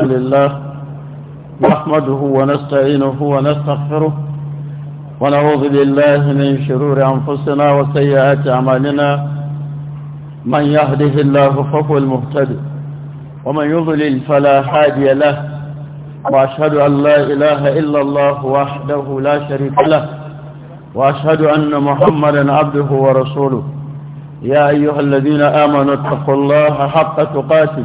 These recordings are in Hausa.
لله نحمده ونستعينه ونستغفره ونعوذ بالله من شرور أنفسنا وسيئات أعمالنا من يهده الله فهو المهتد ومن يضلل فلا هادي له وأشهد أن لا إله إلا الله وحده لا شريك له وأشهد أن محمدا عبده ورسوله يا أيها الذين آمنوا اتقوا الله حق تقاته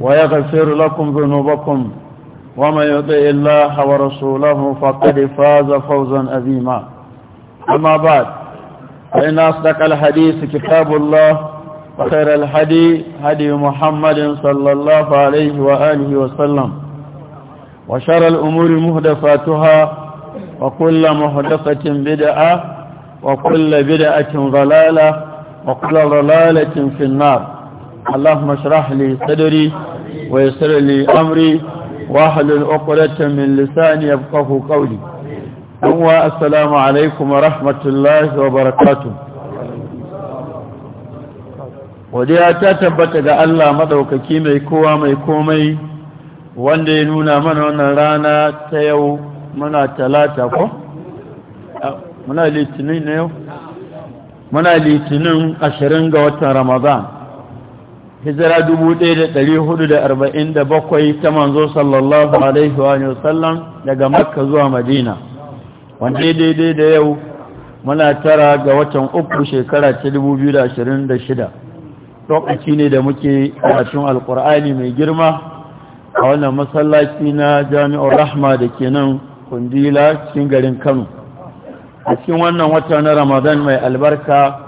ويغفر لكم ذنوبكم ومن يطع الله ورسوله فقد فاز فوزا أذيما أما بعد فإن أصدق الحديث كتاب الله وخير الحدي هدي محمد صلى الله عليه وآله وسلم وشر الأمور مهدفاتها وكل مهدفة بدعة وكل بدعة ضلالة وكل ضلالة في النار اللهم اشرح لي صدري ويسر لي أمري واحلل عقدة من لساني يفقه قولي هو السلام عليكم ورحمة الله وبركاته وديا تتبت ga Allah madaukaki mai kowa mai komai wanda ya nuna mana wannan rana ta yau muna talata ko muna litinin ne yau muna litinin ga watan Ramadan hijira dubu ɗaya da ɗari hudu da arba'in da bakwai ta manzo sallallahu alaihi wa sallam daga makka zuwa madina wanda daidai da yau muna tara ga watan uku shekara ta dubu biyu da ashirin da shida lokaci ne da muke karatun alkur'ani mai girma a wannan masallaci na jami'ar rahma da ke nan kundila cikin garin kano a cikin wannan wata na ramadan mai albarka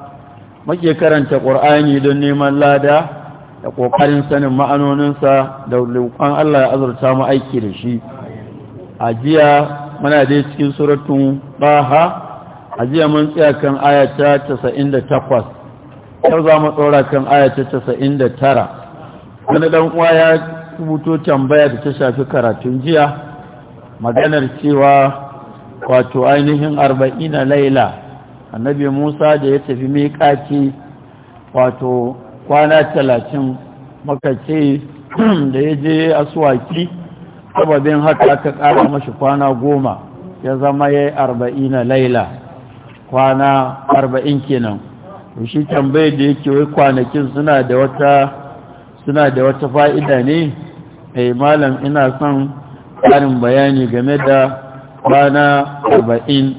muke karanta ƙur'ani don neman lada da ƙoƙarin sanin ma'anoninsa da roƙon Allah ya azurta mu aiki da shi a jiya muna dai cikin suratun baha a jiya mun tsaya kan ayata 98 yau za mu tsora kan ayata 99 wani dan uwa ya rubuto tambaya da ta shafi karatun jiya maganar cewa wato ainihin arba'ina laila annabi musa da ya tafi miƙaci wato kwana talatin maka ce da ya je asuwaki sababin haka aka kara mashi kwana goma ya zama ya yi arba'ina laila kwana arba'in kenan shi tambayar da yake wai kwanakin suna da wata suna da wata fa'ida ne ai eh, malam ina son ƙarin bayani game da kwana arba'in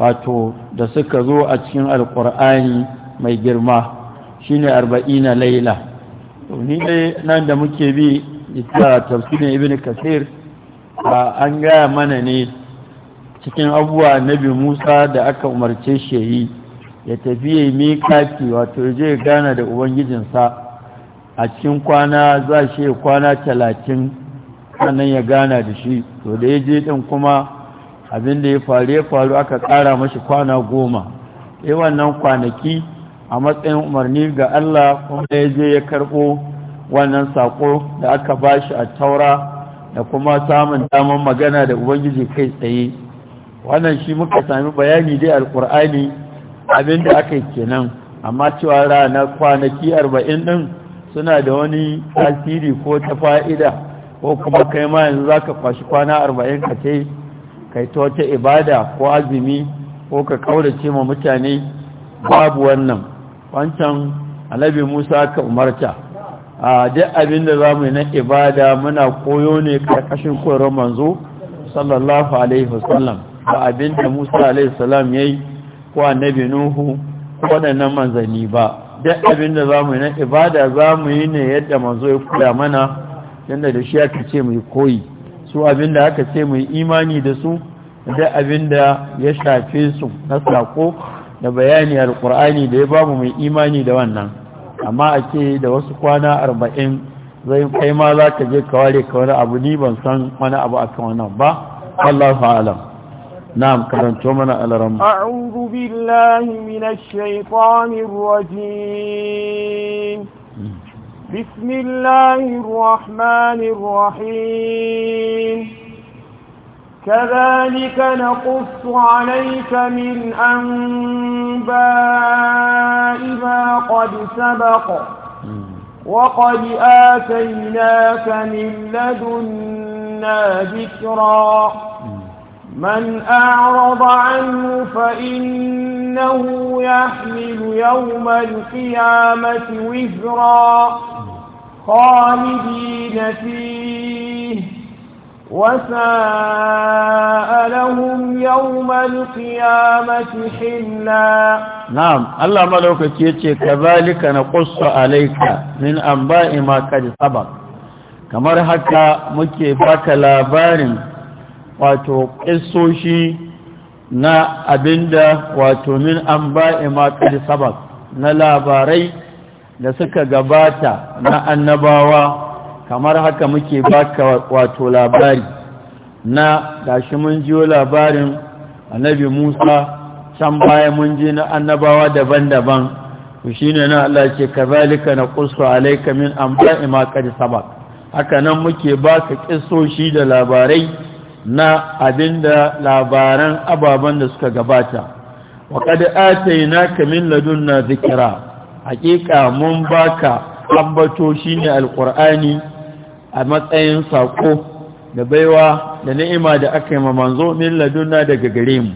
wato da suka zo a cikin alkur'ani mai girma Shi shine arba'ina laila ni dai nan da muke bi da tafsirin ibn kasir an gaya mana ne cikin abubuwa nabi musa da aka umarce shi yi ya tafi ya yi kaki wato je gana da ubangijinsa a cikin kwana za shi kwana talatin sannan ya gana da shi to da ya je ɗin kuma abinda ya faru ya faru aka ƙara mashi kwana goma ya eh, wannan kwanaki a matsayin umarni ga Allah kuma ya je ya karɓo wannan saƙo da aka ba shi a taura da kuma samun daman magana da ubangiji kai tsaye wannan shi muka sami bayani dai alkur'ani abinda aka yi kenan amma cewa rana kwanaki arba'in ɗin suna da wani tasiri ko ta fa'ida ko kuma kai ma yanzu za ka kwashi kwana arba'in ka ce kai ta wata ibada ko azumi ko ka kaurace ma mutane babu wannan wancan alabi musa ka umarta a duk abin da za mu na ibada muna koyo ne karkashin koyar manzo sallallahu alaihi wasallam ba abin musa alaihi wasallam ya yi ko annabi nuhu waɗannan manzanni ba duk abin da za mu na ibada za mu yi ne yadda manzo ya kula mana yadda da shi aka ce mu koyi su abin aka ce mu imani da su da abinda ya shafe su na sako da bayani alkur'ani da ya babu mai imani da wannan amma a ce da wasu kwana arba'in zai kai ma za ka je ka ware ka wani abu ni ban san wani abu a kan wannan ba wallahu fa'alam na'am karanto mana alaran a'udhu billahi minash shaitanir rajim بسم الله الرحمن كذلك نقص عليك من أنباء ما قد سبق وقد آتيناك من لدنا ذكرا من أعرض عنه فإنه يحمل يوم القيامة وزرا خالدين فيه وساء لهم يوم القيامة حلا نعم الله ملوك تيتي كذلك نقص عليك من أنباء ما قد سبق kamar haka muke baka labarin wato ƙisoshi na abinda wato min an ba'i maƙar sabak na labarai da suka gabata na annabawa kamar haka muke baka wato labari na gashi mun jiyo labarin annabi Musa can baya mun ji na annabawa daban-daban shi shine na Allah ce kazalika na kusa alayka min amba'i ma qad sabaq haka nan muke baka kissoshi da labarai na abinda labaran ababen da suka gabata wa qad atainaka min ladunna dhikra hakika mun baka tabbato shine alqur'ani a matsayin saƙo da baiwa da ni'ima da aka yi ma manzo min laduna daga gare mu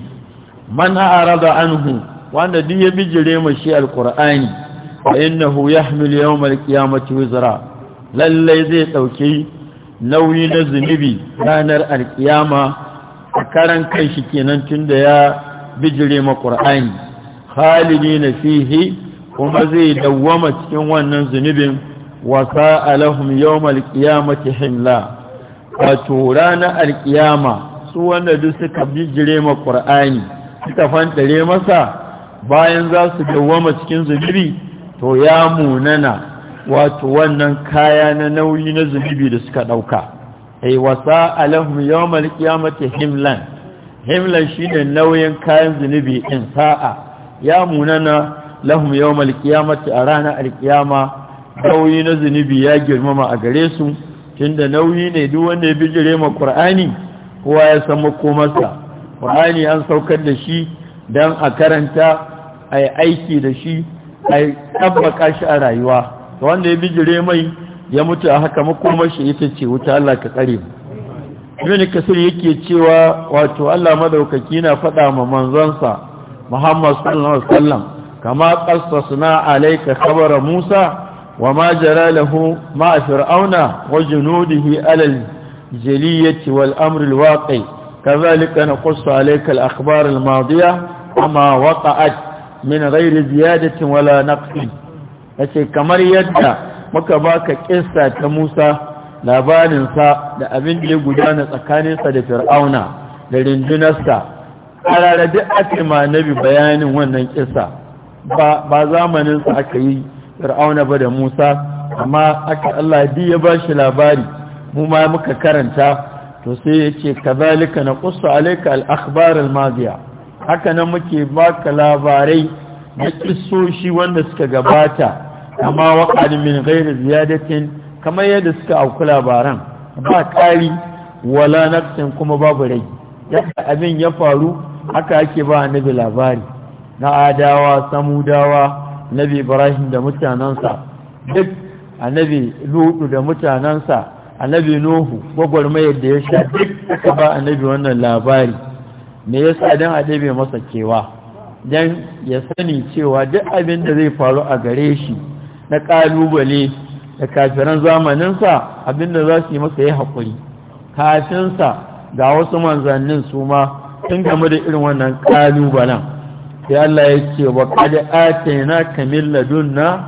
man arada anhu wanda duk ya bijire mu shi alqur'ani wa innahu yahmil yawm alqiyamati wizra lalle zai dauke nauyi na zunubi ranar alqiyama a karan kai shi kenan tunda ya bijire ma qur'ani khalidina fihi kuma zai dawwama cikin wannan zunubin wasa alahum yawmal qiyamati himla wato rana alkiyama su wanda duk suka bijire ma qur'ani suka fantare masa bayan za su dawwama cikin zunubi to ya munana wato wannan kaya na nauyi na zunubi da suka dauka ai wasa alahum yawmal qiyamati himlan himlan shine nauyin kayan zunubi din sa'a ya munana lahum yawmal qiyamati arana ranar alkiyama nauyi na zunubi ya girmama a gare su tunda nauyi ne duk wanda ya bijire ma Qur'ani kowa ya san makomarsa Qur'ani an saukar da shi dan a karanta ai aiki da shi ai tabbaka shi a rayuwa wanda ya bijire mai ya mutu a haka makomar shi ita ce wuta Allah ka tsare mu ibn kasir yake cewa wato Allah madaukaki na faɗa ma manzonsa Muhammad sallallahu alaihi wasallam kama qassasna alayka khabara Musa وما جرى له مع فرعون وجنوده على الجلية والأمر الواقع كذلك نقص عليك الأخبار الماضية وما وقعت من غير زيادة ولا نقص yace kamar yadda muka baka kissa ta Musa labarinsa da abin da ya gudana tsakaninsa da Fir'auna da rindunarsa a duk ake ma nabi bayanin wannan kissa ba zamaninsa aka yi fir'auna ba da musa amma aka Allah di ya ba shi labari mu ma muka karanta to sai ya ce kazalika na kusa alaika al'akhbar al haka nan muke baka labarai na kisoshi wanda suka gabata amma waƙanin min gairi ziyadatin kamar yadda suka auku labaran ba kari wala nafsin kuma babu rai yadda abin ya faru haka ake ba annabi labari na adawa samudawa annabi ibrahim da mutanansa duk annabi lutu da mutanensa annabi nuhu gwagwarmayar da ya sha duk aka ba annabi wannan labari me yasa dan a masa cewa dan ya sani cewa duk abin da zai faru a gare shi na ƙalubale da kafiran zamaninsa abin da za su yi masa ya haƙuri kafinsa ga wasu manzannin su ma sun game da irin wannan ƙalubalen sai Allah ya ce wa qad atayna kamil ladunna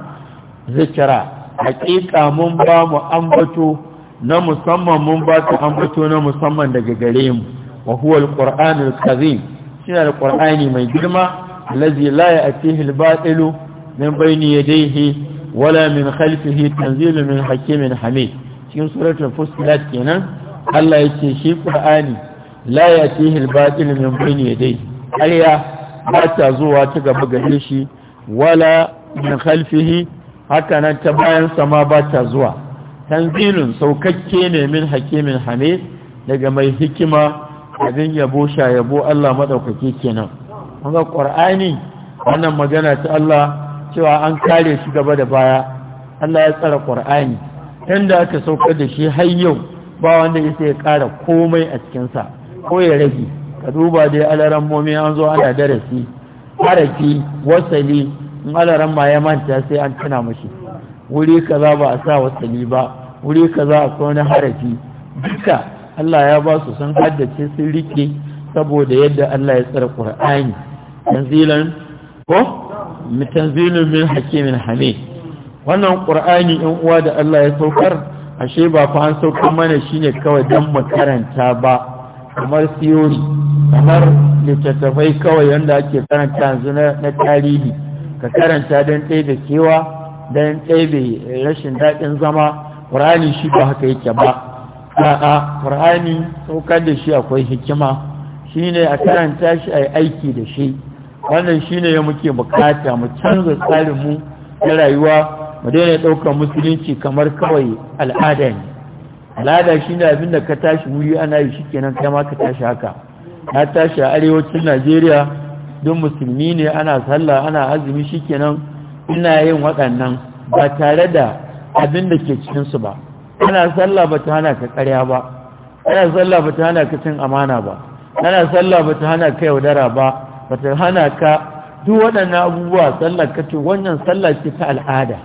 zikra haƙiƙa mun ba mu ambato na musamman mun ba ka ambato na musamman daga gare mu wa huwa alqur'anul karim shi alqur'ani mai girma allazi la ya'tihi albatilu min bayni yadayhi wala min khalfihi tanzilu min hakimin hamid cikin suratul fusilat kenan Allah yake shi qur'ani la ya'tihi albatilu min bayni yadayhi aliya ba ta zuwa ta gaba gare shi wala min khalfihi haka nan ta bayan sama ba ta zuwa tanzilun saukakke ne min hakimin hamid daga mai hikima abin yabo sha yabo Allah madaukake kenan kuma qur'ani wannan magana ta Allah cewa an kare shi gaba da baya Allah ya tsara qur'ani inda aka saukar da shi har yau ba wanda yake ya kara komai a cikin sa ko ya rage ka duba dai alaran momi an zo ana darasi haraki wasali in alaran ma ya manta sai an tana mashi wuri kaza ba a sa wasali ba wuri kaza a wani harafi. duka Allah ya ba su san haddace su rike saboda yadda Allah ya tsara Qur'ani tanzilan ko min hakimin hamid wannan Qur'ani in uwa da Allah ya saukar ashe ba fa an saukar mana shine kawai dan makaranta ba kamar siyori, kamar littattafai kawai wanda ake karanta yanzu na tarihi ka karanta don ɗebe kewa don ɗebe rashin daɗin zama ƙur'ani shi ba haka yake ba a'a ƙur'ani saukar da shi akwai hikima shi ne a karanta shi a yi aiki da shi wannan shi ne ya muke bukata mu canza tsarinmu na rayuwa mu daina ɗaukar musulunci kamar kawai al'ada ne lada shi ne abin da ka tashi wuri ana yi shikenan kai ma ka tashi haka na tashi a arewacin najeriya don musulmi ne ana sallah ana azumi shikenan ina yin waɗannan ba tare da abin da ke cikinsu ba ana sallah ba ta hana ka ƙarya ba ana sallah ba ta hana ka cin amana ba ana sallah ba ta hana ka yaudara ba ba ta hana ka duk waɗannan abubuwa sallar ka ce wannan sallar ce ta al'ada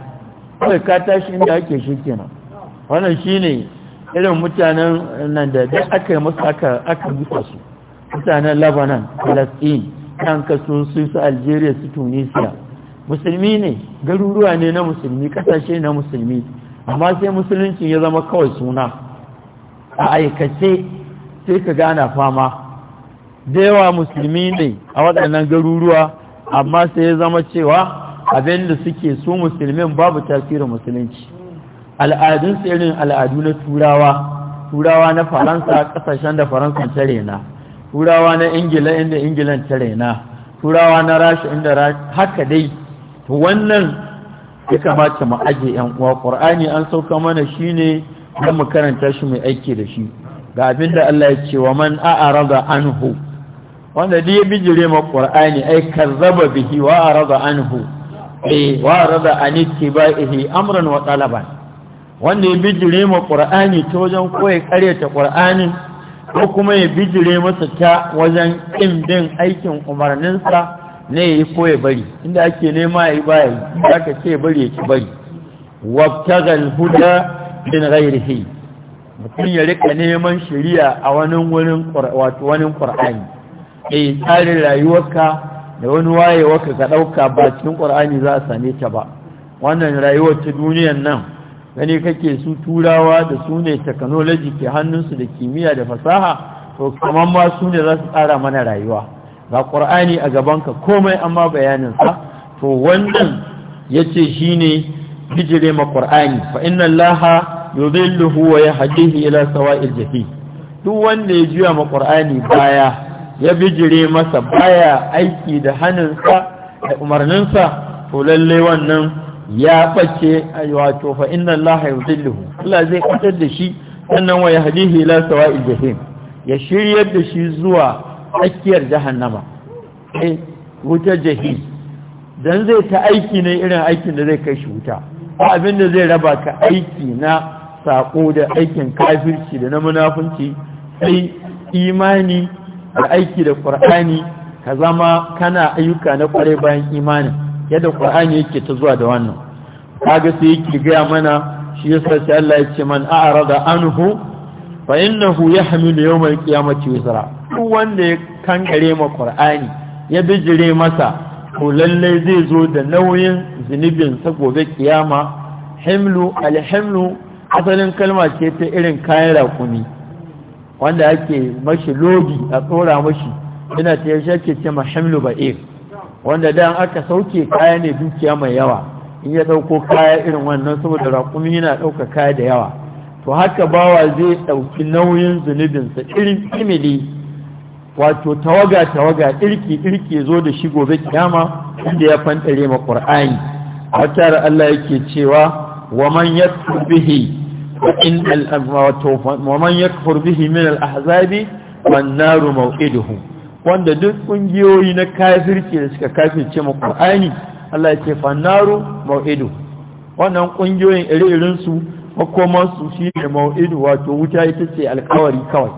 kawai ka tashi inda ake shi kenan wannan shine. ne irin mutanen nan da dai aka yi musu aka musu su mutanen lebanon palestine kan kaso su su algeria su tunisia musulmi ne garuruwa ne na musulmi kasashe na musulmi amma sai musulunci ya zama kawai suna a aikace sai ka gana fama da yawa musulmi ne a waɗannan garuruwa amma sai ya zama cewa abinda suke su musulmin babu tasirin musulunci al'adunsu irin al'adu na turawa turawa na faransa kasashen da faransa ta rena turawa na ingila inda ingilan ta rena turawa na rashi inda haka dai wannan ya kamata mu aje yan uwa qur'ani an sauka mana shine dan mu karanta shi mai aiki da shi ga abinda Allah ya ce wa man a'rada anhu wanda dai ya bijire ma qur'ani ai kazzaba bihi wa a'rada anhu eh wa a'rada an ittiba'ihi amran wa talaban wanda ya bijire ma ƙur'ani ta wajen koya ƙaryata ƙur'anin ko kuma ya bijire masa ta wajen ƙin bin aikin umarninsa ne ya yi koya bari inda ake nema ya yi baya yi aka ce bari ya ci bari wata huda bin ghairihi mutum ya rika neman shari'a a wani wurin wato wani qur'ani eh tsarin rayuwarka da wani wayewarka ka ɗauka ba cikin qur'ani za a same ta ba wannan rayuwar ta duniyar nan gani kake su turawa da su ne teknoloji ke hannunsu da kimiyya da fasaha to kamar ma su ne za su tsara mana rayuwa ga ƙur'ani a gabanka komai amma bayaninsa to wannan ya ce shi ne bijire ma ƙur'ani fa inna laha ya wa yahdihi ila sawa'il jahim duk wanda ya juya ma ƙur'ani baya ya bijire masa baya aiki da hannunsa da umarninsa to lallai wannan ya bace wato fa inna allaha yudilluhu Allah zai kwatar da shi sannan wa yahdihi ila sawa'i jahim ya shiryar da shi zuwa tsakiyar jahannama eh wutar jahim dan zai ta aiki ne irin aikin da zai kai shi wuta ba abin da zai raba ka aiki na sako da aikin kafirci da na munafunci sai imani da aiki da qur'ani ka zama kana ayyuka na kware bayan imani yadda ƙur'ani yake ta zuwa da wannan kaga sai yake gaya mana shi yasa sai Allah ya ce man a'rada anhu fa innahu yahmilu yawm al-qiyamati wizra duk wanda ya kankare ma Qur'ani ya bijire masa ko lalle zai zo da nauyin zunubin sa gobe kiyama himlu al-himlu asalin kalma ce ta irin kayan rakumi wanda ake mashi lobi a tsora mashi yana ta yashe ke ce ma himlu ba'ir wanda da aka sauke kaya ne dukiya mai yawa in ya ɗauko kaya irin wannan saboda raƙumi yana ɗauka kaya da yawa to haka bawa zai ɗauki nauyin zunubinsa irin imili wato tawaga tawaga irki-irki irki zo da shi gobe kiyama inda ya fantare ma ƙur'ani wata Allah yake cewa wa man yakfur bihi in al-wato wa man yakfur min al-ahzabi wan naru maw'iduhu wanda duk ƙungiyoyi na kafirci da suka kafirce ma Qur'ani Allah ya ce fannaru mau'idu wannan kungiyoyin irin su makoman su ne mau'idu wato wuta ita ce alkawari kawai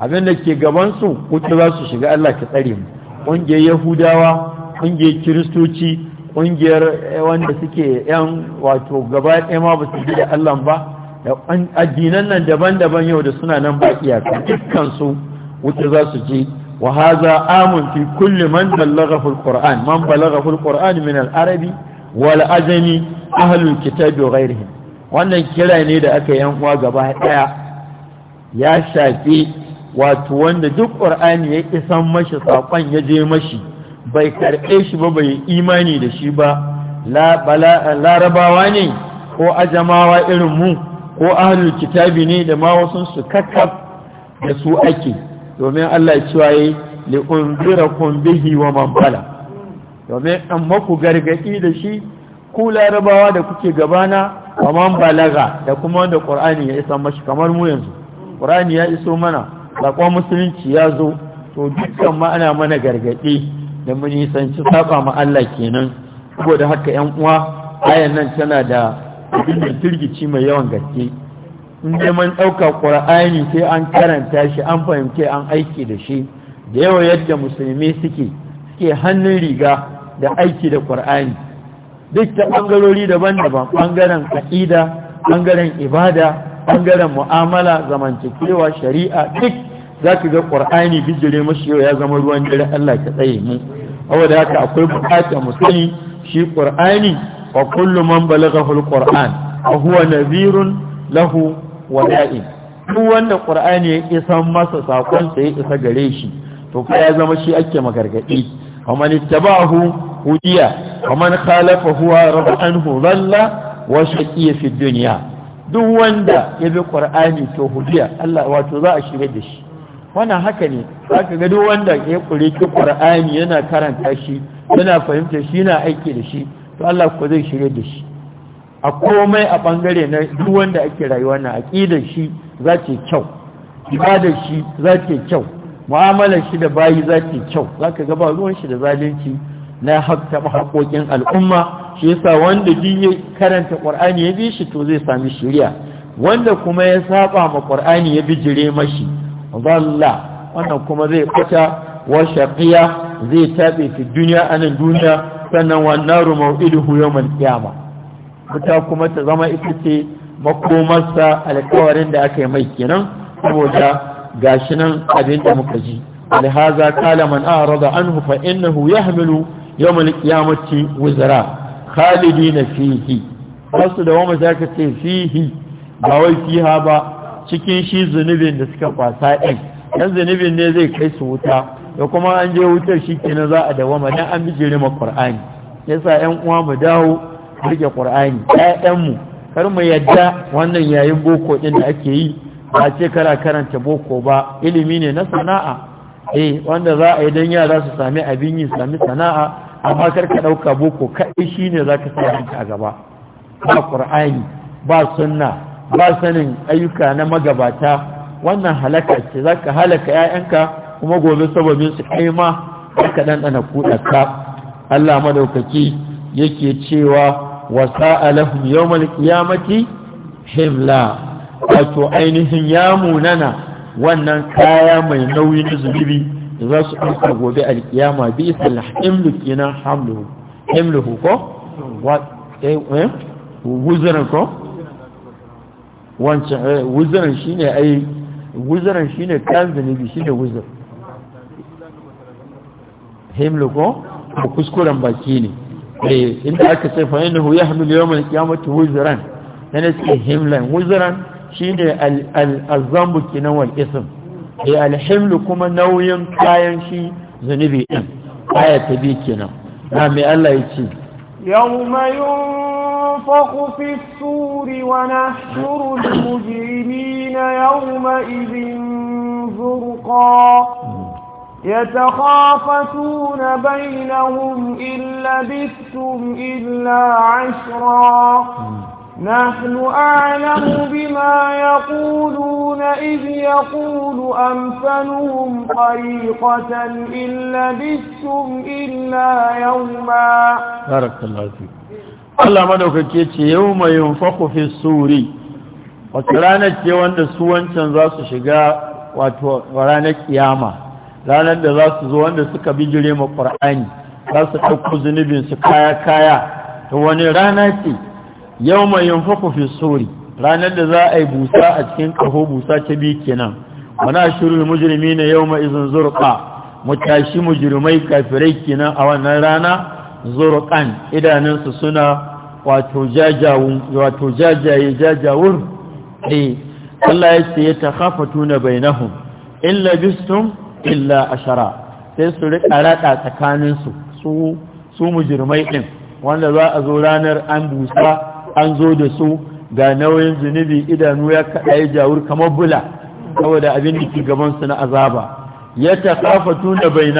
abin da ke gaban su wuta za su shiga Allah ka tsare mu kungiyar Yahudawa kungiyar Kiristoci kungiyar eh, wanda suke yan wato gaba ɗaya ma ba su da Allah ba addinan nan daban-daban yau da suna nan ba iyaka dukkan su wuta za su je Wahaza hadha amun fi kulli man ballagha fil qur'an man ballagha min al arabi wal ajami ahlul kitab wa wannan kira ne da aka yan uwa gaba ɗaya ya shafi wato wanda duk ƙur'ani ya isan mashi sakon ya je mashi bai karɓe shi ba bai imani da shi ba larabawa ne ko ajamawa irin mu ko ahlul kitabi ne da ma wasu su kakkaf da su ake domin Allah cewa yi li'unzira kun bihi wa man bala domin an maku gargadi da shi ku larabawa da kuke gabana wa man balaga da kuma wanda qur'ani ya isa mashi kamar mu yanzu qur'ani ya iso mana saƙon musulunci ya zo to dukkan ma ana mana gargadi da mu nisanci saba ma Allah kenan saboda haka ƴan uwa ayan nan tana da abin turgici mai yawan gaske in dai mun ƙur'ani sai an karanta shi an fahimce an aiki da shi da yawa yadda musulmi suke suke hannun riga da aiki da ƙur'ani duk ta ɓangarori daban-daban bangaren ƙa'ida bangaren ibada bangaren mu'amala zamantakewa shari'a duk za ga ƙur'ani bijire mashi yau ya zama ruwan dare Allah ka tsaye mu saboda haka akwai buƙatar mu shi ƙur'ani wa kullu man balaghahu al-qur'an huwa nadhirun lahu wa duk wanda qur'ani ya isa masa sakon sa ya isa gare shi to fa ya zama shi ake magargadi ومن اتبعه هدي ومن خالفه رضى عنه ضل وشقي fi الدنيا duk wanda ya bi qur'ani to hudiya Allah wato za a shiga da shi wannan haka ne zaka ga duk wanda ya kure ki qur'ani yana karanta shi yana fahimta shi yana aiki da shi to Allah ko zai shiga da shi a komai a bangare na duk wanda ake rayuwa na aqidar shi za ta kyau ibadar shi za ta kyau mu'amalar shi da bayi za ta kyau zaka ga ba ruwan shi da zalunci na hakka hakokin al'umma shi yasa wanda duk ya karanta qur'ani ya bi shi to zai sami shiriya wanda kuma ya saba ma qur'ani ya bijire mashi zalla wannan kuma zai fita wa shaqiya zai tabe fi duniya anan duniya sannan wannan rumu ilhu yawmal qiyamah wuta kuma ta zama ita ce makomarsa alkawarin da aka yi mai kenan saboda gashi nan abin da muka ji alhaza kala man arada anhu fa innahu yahmilu yawm alqiyamati khalidi khalidina fihi wasu da wama zaka ce fihi ba wai fiha ba cikin shi zunubin da suka kwasa ɗin yan zunubin ne zai kai su wuta da kuma an je wutar shi kenan za a dawama dan an bijire ma qur'ani yasa yan uwa mu dawo rike ƙur'ani mu kar mu yadda wannan yayin boko ɗin da ake yi ba ce kara karanta boko ba ilimi ne na sana'a eh wanda za a yi don yara su sami abin yi sami sana'a amma kar ka ɗauka boko kaɗai shi ne za ka sa a gaba ba ƙur'ani ba sunna ba sanin ayyuka na magabata wannan halaka ce za ka halaka 'ya'yanka kuma gobe sababin su kai ma ka ɗanɗana kuɗa ka Allah madaukaki yake cewa wa sa'a lahum yawmal qiyamati himla wato ainihin ya munana wannan kaya mai nauyin zunubi za su ɗauka gobe alkiyama bi isal himlu kenan hamluhu himluhu ko wa eh wuzuran ko wancan wuzuran shine ai wuzuran shine kan zunubi shine wuzur himlu ko kuskuren baki ne eh inda aka ce fa innahu yahmilu yawmal qiyamati wuzran yana ce himlan wuzran shine al-zambu kinan wal ism eh al-himlu kuma nauyin kayan shi zunubi din aya ta bi kenan na mai Allah ya ce yawma ينفخ في السور ونحشر المجرمين يومئذ زرقا يتخافتون بينهم إن لبثتم إلا عشرا نحن أعلم بما يقولون إذ يقول أمثلهم طريقة إن لبثتم إلا يوما بارك الله فيك الله madaukake ce يوم ينفخ في السور وكرانك wata ranar ce wanda وكرانك يامه ranar da za su zo wanda suka bijire ma ƙur'ani za su ɗauko zunubin su kaya kaya ta wani rana ce yau mai yunfaku fi sori ranar da za a yi busa a cikin ƙaho busa ta biyu kenan wana da mujirmi na yau mai izin zurƙa mu tashi mujirmai kafirai kenan a wannan rana zurƙan idanunsu suna wato jajaye jajawur eh Allah ya ce ya takhafatuna bainahum in labistum illa ashara sai su rika raɗa tsakaninsu su su mujirmai ɗin wanda za a zo ranar an busa an zo da su ga nauyin zunubi idanu ya ya jawur kamar bula saboda abin da ke su na azaba ya kafa tuna bai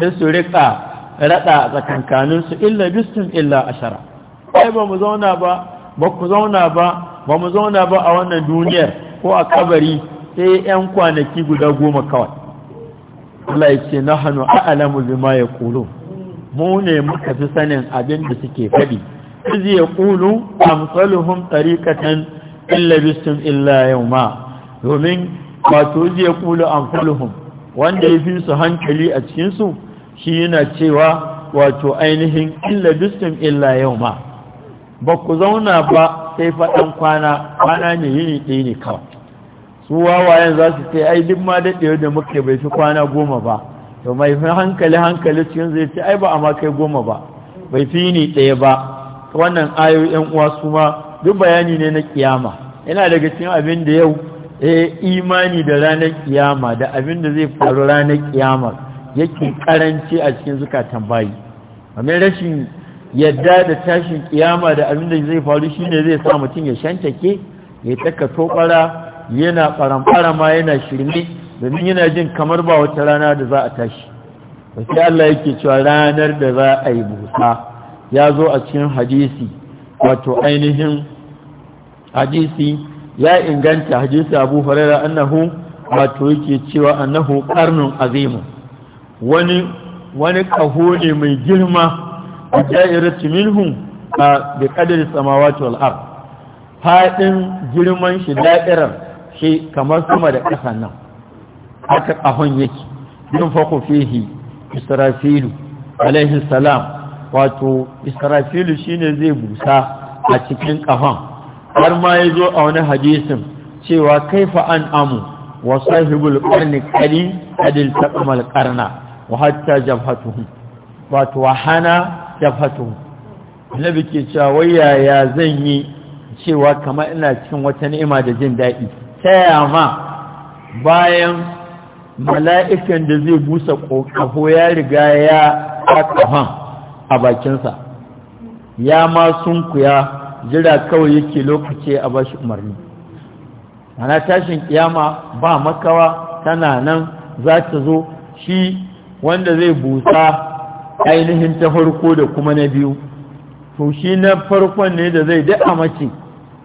sai su riƙa raɗa su illa bistin illa ashara ai ba mu zauna ba ba ku zauna ba ba mu zauna ba a wannan duniyar ko a kabari sai 'yan kwanaki guda goma kawai Allah ya ce na hannu alamu zima ya kulu mu ne muka fi sanin abin da suke faɗi izi ya kulu amsaluhum tariqatan illa bisum illa yau ma, domin wato izi ya kulu amsaluhum wanda ya fi su hankali a cikinsu shi yana cewa wato ainihin illa bisum illa yawma ba ku zauna ba sai faɗan kwana kwana ne yini ɗaya ne kawai su wawayen za su ce ai duk ma daɗewa da muke bai fi kwana goma ba to mai hankali hankali cikin zai ce ai ba a kai goma ba bai fi ni ɗaya ba wannan ayo yan uwa su ma duk bayani ne na kiyama yana daga cikin abin da yau eh imani da ranar kiyama da abin da zai faru ranar kiyama yake karanci a cikin zukatan bayi amma rashin yadda da tashin kiyama da abin da zai faru shine zai sa mutum ya shantake ya taka tokara yana ɓaramɓarama yana shirme domin yana jin kamar ba wata rana da za a tashi wasu Allah yake cewa ranar da za a yi busa ya zo a cikin hadisi wato ainihin hadisi ya inganta hadisi abu farera annahu wato yake cewa annahu karnun azimu wani wani kaho ne mai girma a jairatu minhum a da qadri samawati girman shi da'irar shi kamar sama da ƙasa nan haka ƙahon yake yin faku fihi israfilu alaihi salam wato israfilu shine zai busa a cikin ƙahon har ma ya zo a wani hadisin cewa kaifa an amu wa sahibul ƙarni ƙari adil taqmal qarna wa hatta jabhatuhu wato wa hana jabhatuhu ke cewa wayaya zan yi cewa kamar ina cikin wata ni'ima da jin daɗi taya ma bayan mala'ikan da zai busa ƙafo ya riga ya ƙafan a bakinsa ya ma kuya jira kawai yake lokaci a bashi umarni ana tashin kiyama ba makawa tana nan za ta zo shi wanda zai busa ainihin ta farko da kuma na biyu to shi na farkon ne da zai daɗa mace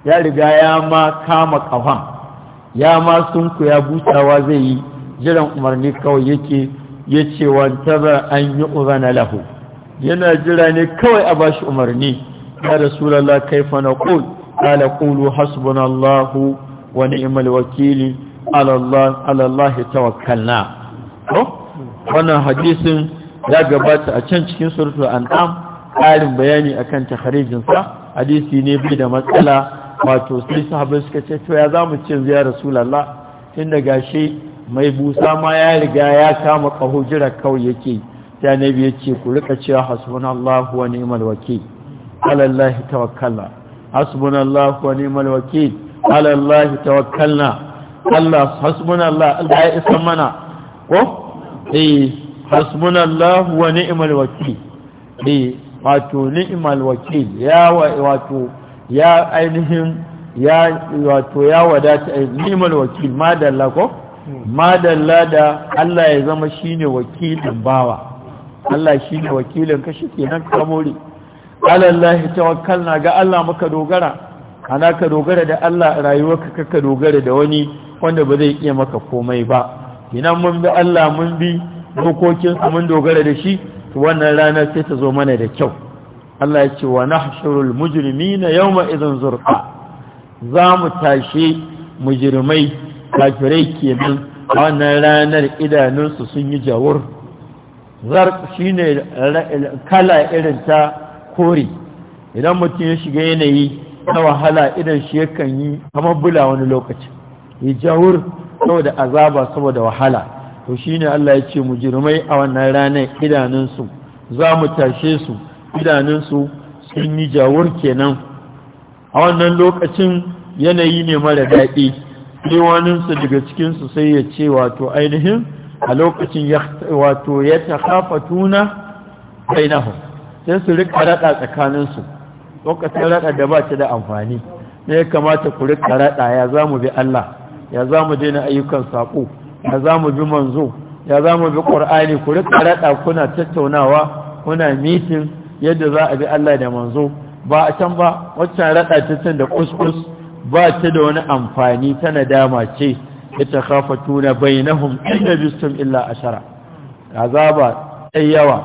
ya riga ya ma kama ƙafan ya ma kuya ya busawa zai yi jiran umarni kawai yake ya ce wantaba an yi uzana lahu yana jira ne kawai a bashi umarni ya rasulallah kaifa na qul qala qulu hasbunallahu wa ni'mal wakili ala allah ala allah wannan hadisin ya gabata a can cikin suratul an'am ƙarin bayani akan tahrijin sa hadisi ne bai da matsala wato sai sahabai suka ce to ya za mu ce ya rasulallah tun da gashi mai busa ma ya riga ya kama ƙaho jira kawai yake ta nabi ya ce ku rika cewa hasbunallahu wa ni'mal wakil alallahi tawakkalna hasbunallahu wa ni'mal wakil alallahi tawakkalna Allah hasbunallahu Allah ya isa mana ko eh hasbunallahu wa ni'mal wakil eh wato ni'mal wakil ya wato ya ainihin ya wato ya wadata eh, ni'mal wakil madalla ko hmm. madalla da Allah ya zama shine wakilin bawa Allah shine wakilin ka nan kamori alallahi tawakkalna ga Allah muka dogara ana ka dogara da Allah rayuwarka kaka dogara da wani wanda ba zai iya maka komai ba idan mun bi Allah mun bi dokokin mun dogara da shi wannan rana sai ta zo mana da kyau Allah ya ce wa na mujrimina yawma idhin zurqa za mu tashi mujrimai kafirai kenan a wannan ranar idanunsu sun yi jawur zarq shine kala irin ta kore idan mutum ya shiga yanayi na wahala idan shi yakan yi kamar bula wani lokaci yi jawur saboda azaba saboda wahala to shine Allah ya ce mujrimai a wannan ranar idanunsu za mu tashe su idanunsu sun yi jawur kenan a wannan lokacin yanayi ne mara daɗi waninsu daga cikinsu sai ya ce wato ainihin a lokacin wato ya ta kafa tuna bainahu sai su rika raɗa tsakaninsu lokacin raɗa da ba ta da amfani Na ya kamata ku rika raɗa ya za mu bi Allah ya za mu daina ayyukan saƙo ya za mu bi manzo ya za mu bi ƙwar'ani ku rika raɗa kuna tattaunawa kuna mitin yadda za a bi Allah da manzo ba a can ba waccan raɗa ta can da kuskus ba ta da wani amfani ta nadama ce ya ta kafa tuna bainahum inda bistum illa ashara azaba ɗai yawa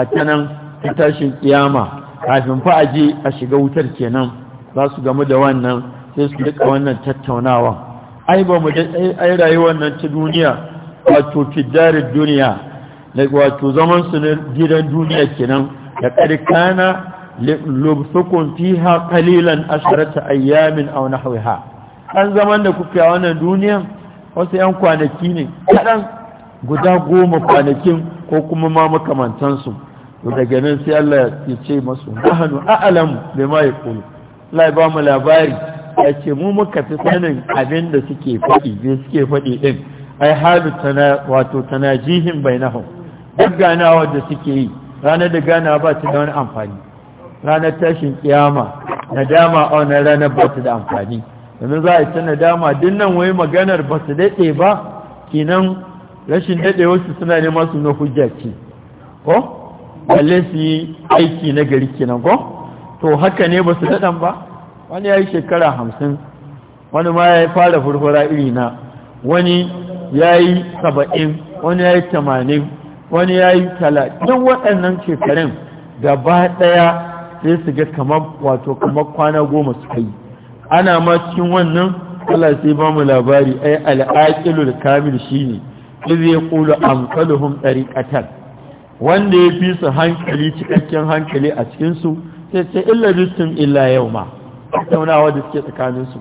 a ta tashin kiyama kafin fa aje a shiga wutar kenan za su gamu da wannan sai su duka wannan tattaunawa ai ba mu ai rayuwar nan ta duniya wato fidarin duniya wato zaman su na gidan duniya kenan لقد كان لبثكم ayyamin ayamin wani أيام An zaman da زمان لكم wannan duniyan wasu 'yan kwanaki ne kaɗan guda goma kwanakin ko kuma ma makamantansu daga nan sai Allah ya ce masu ahanu a'alam bai ma ya kulu Allah ba mu labari ya ce mu muka fi sanin abin da suke faɗi suke faɗi ɗin ai halu tana wato bai na duk ganawa da suke yi ranar da gana ba ta da wani amfani ranar tashin kiyama nadama a wani ranar ba ta da amfani yanzu za a yi ta nadama duk nan wai maganar ba su daɗe ba kenan rashin wasu suna ne masu na hujja ce ko balle su yi aiki na gari kenan ko to haka ne ba su daɗan ba wani ya yi shekara hamsin wani ma ya fara furfura iri na wani ya yi saba'in wani ya yi tamanin wani ya yi talatin waɗannan shekarun gaba ɗaya sai su ga wato kamar kwana goma suka yi ana ma cikin wannan Allah sai ba mu labari ai da kamil shine idh yaqulu ɗari tariqatan wanda ya fi su hankali cikakken hankali a cikinsu, su sai ce illa bisum illa yau ma. taunawa da suke tsakanin su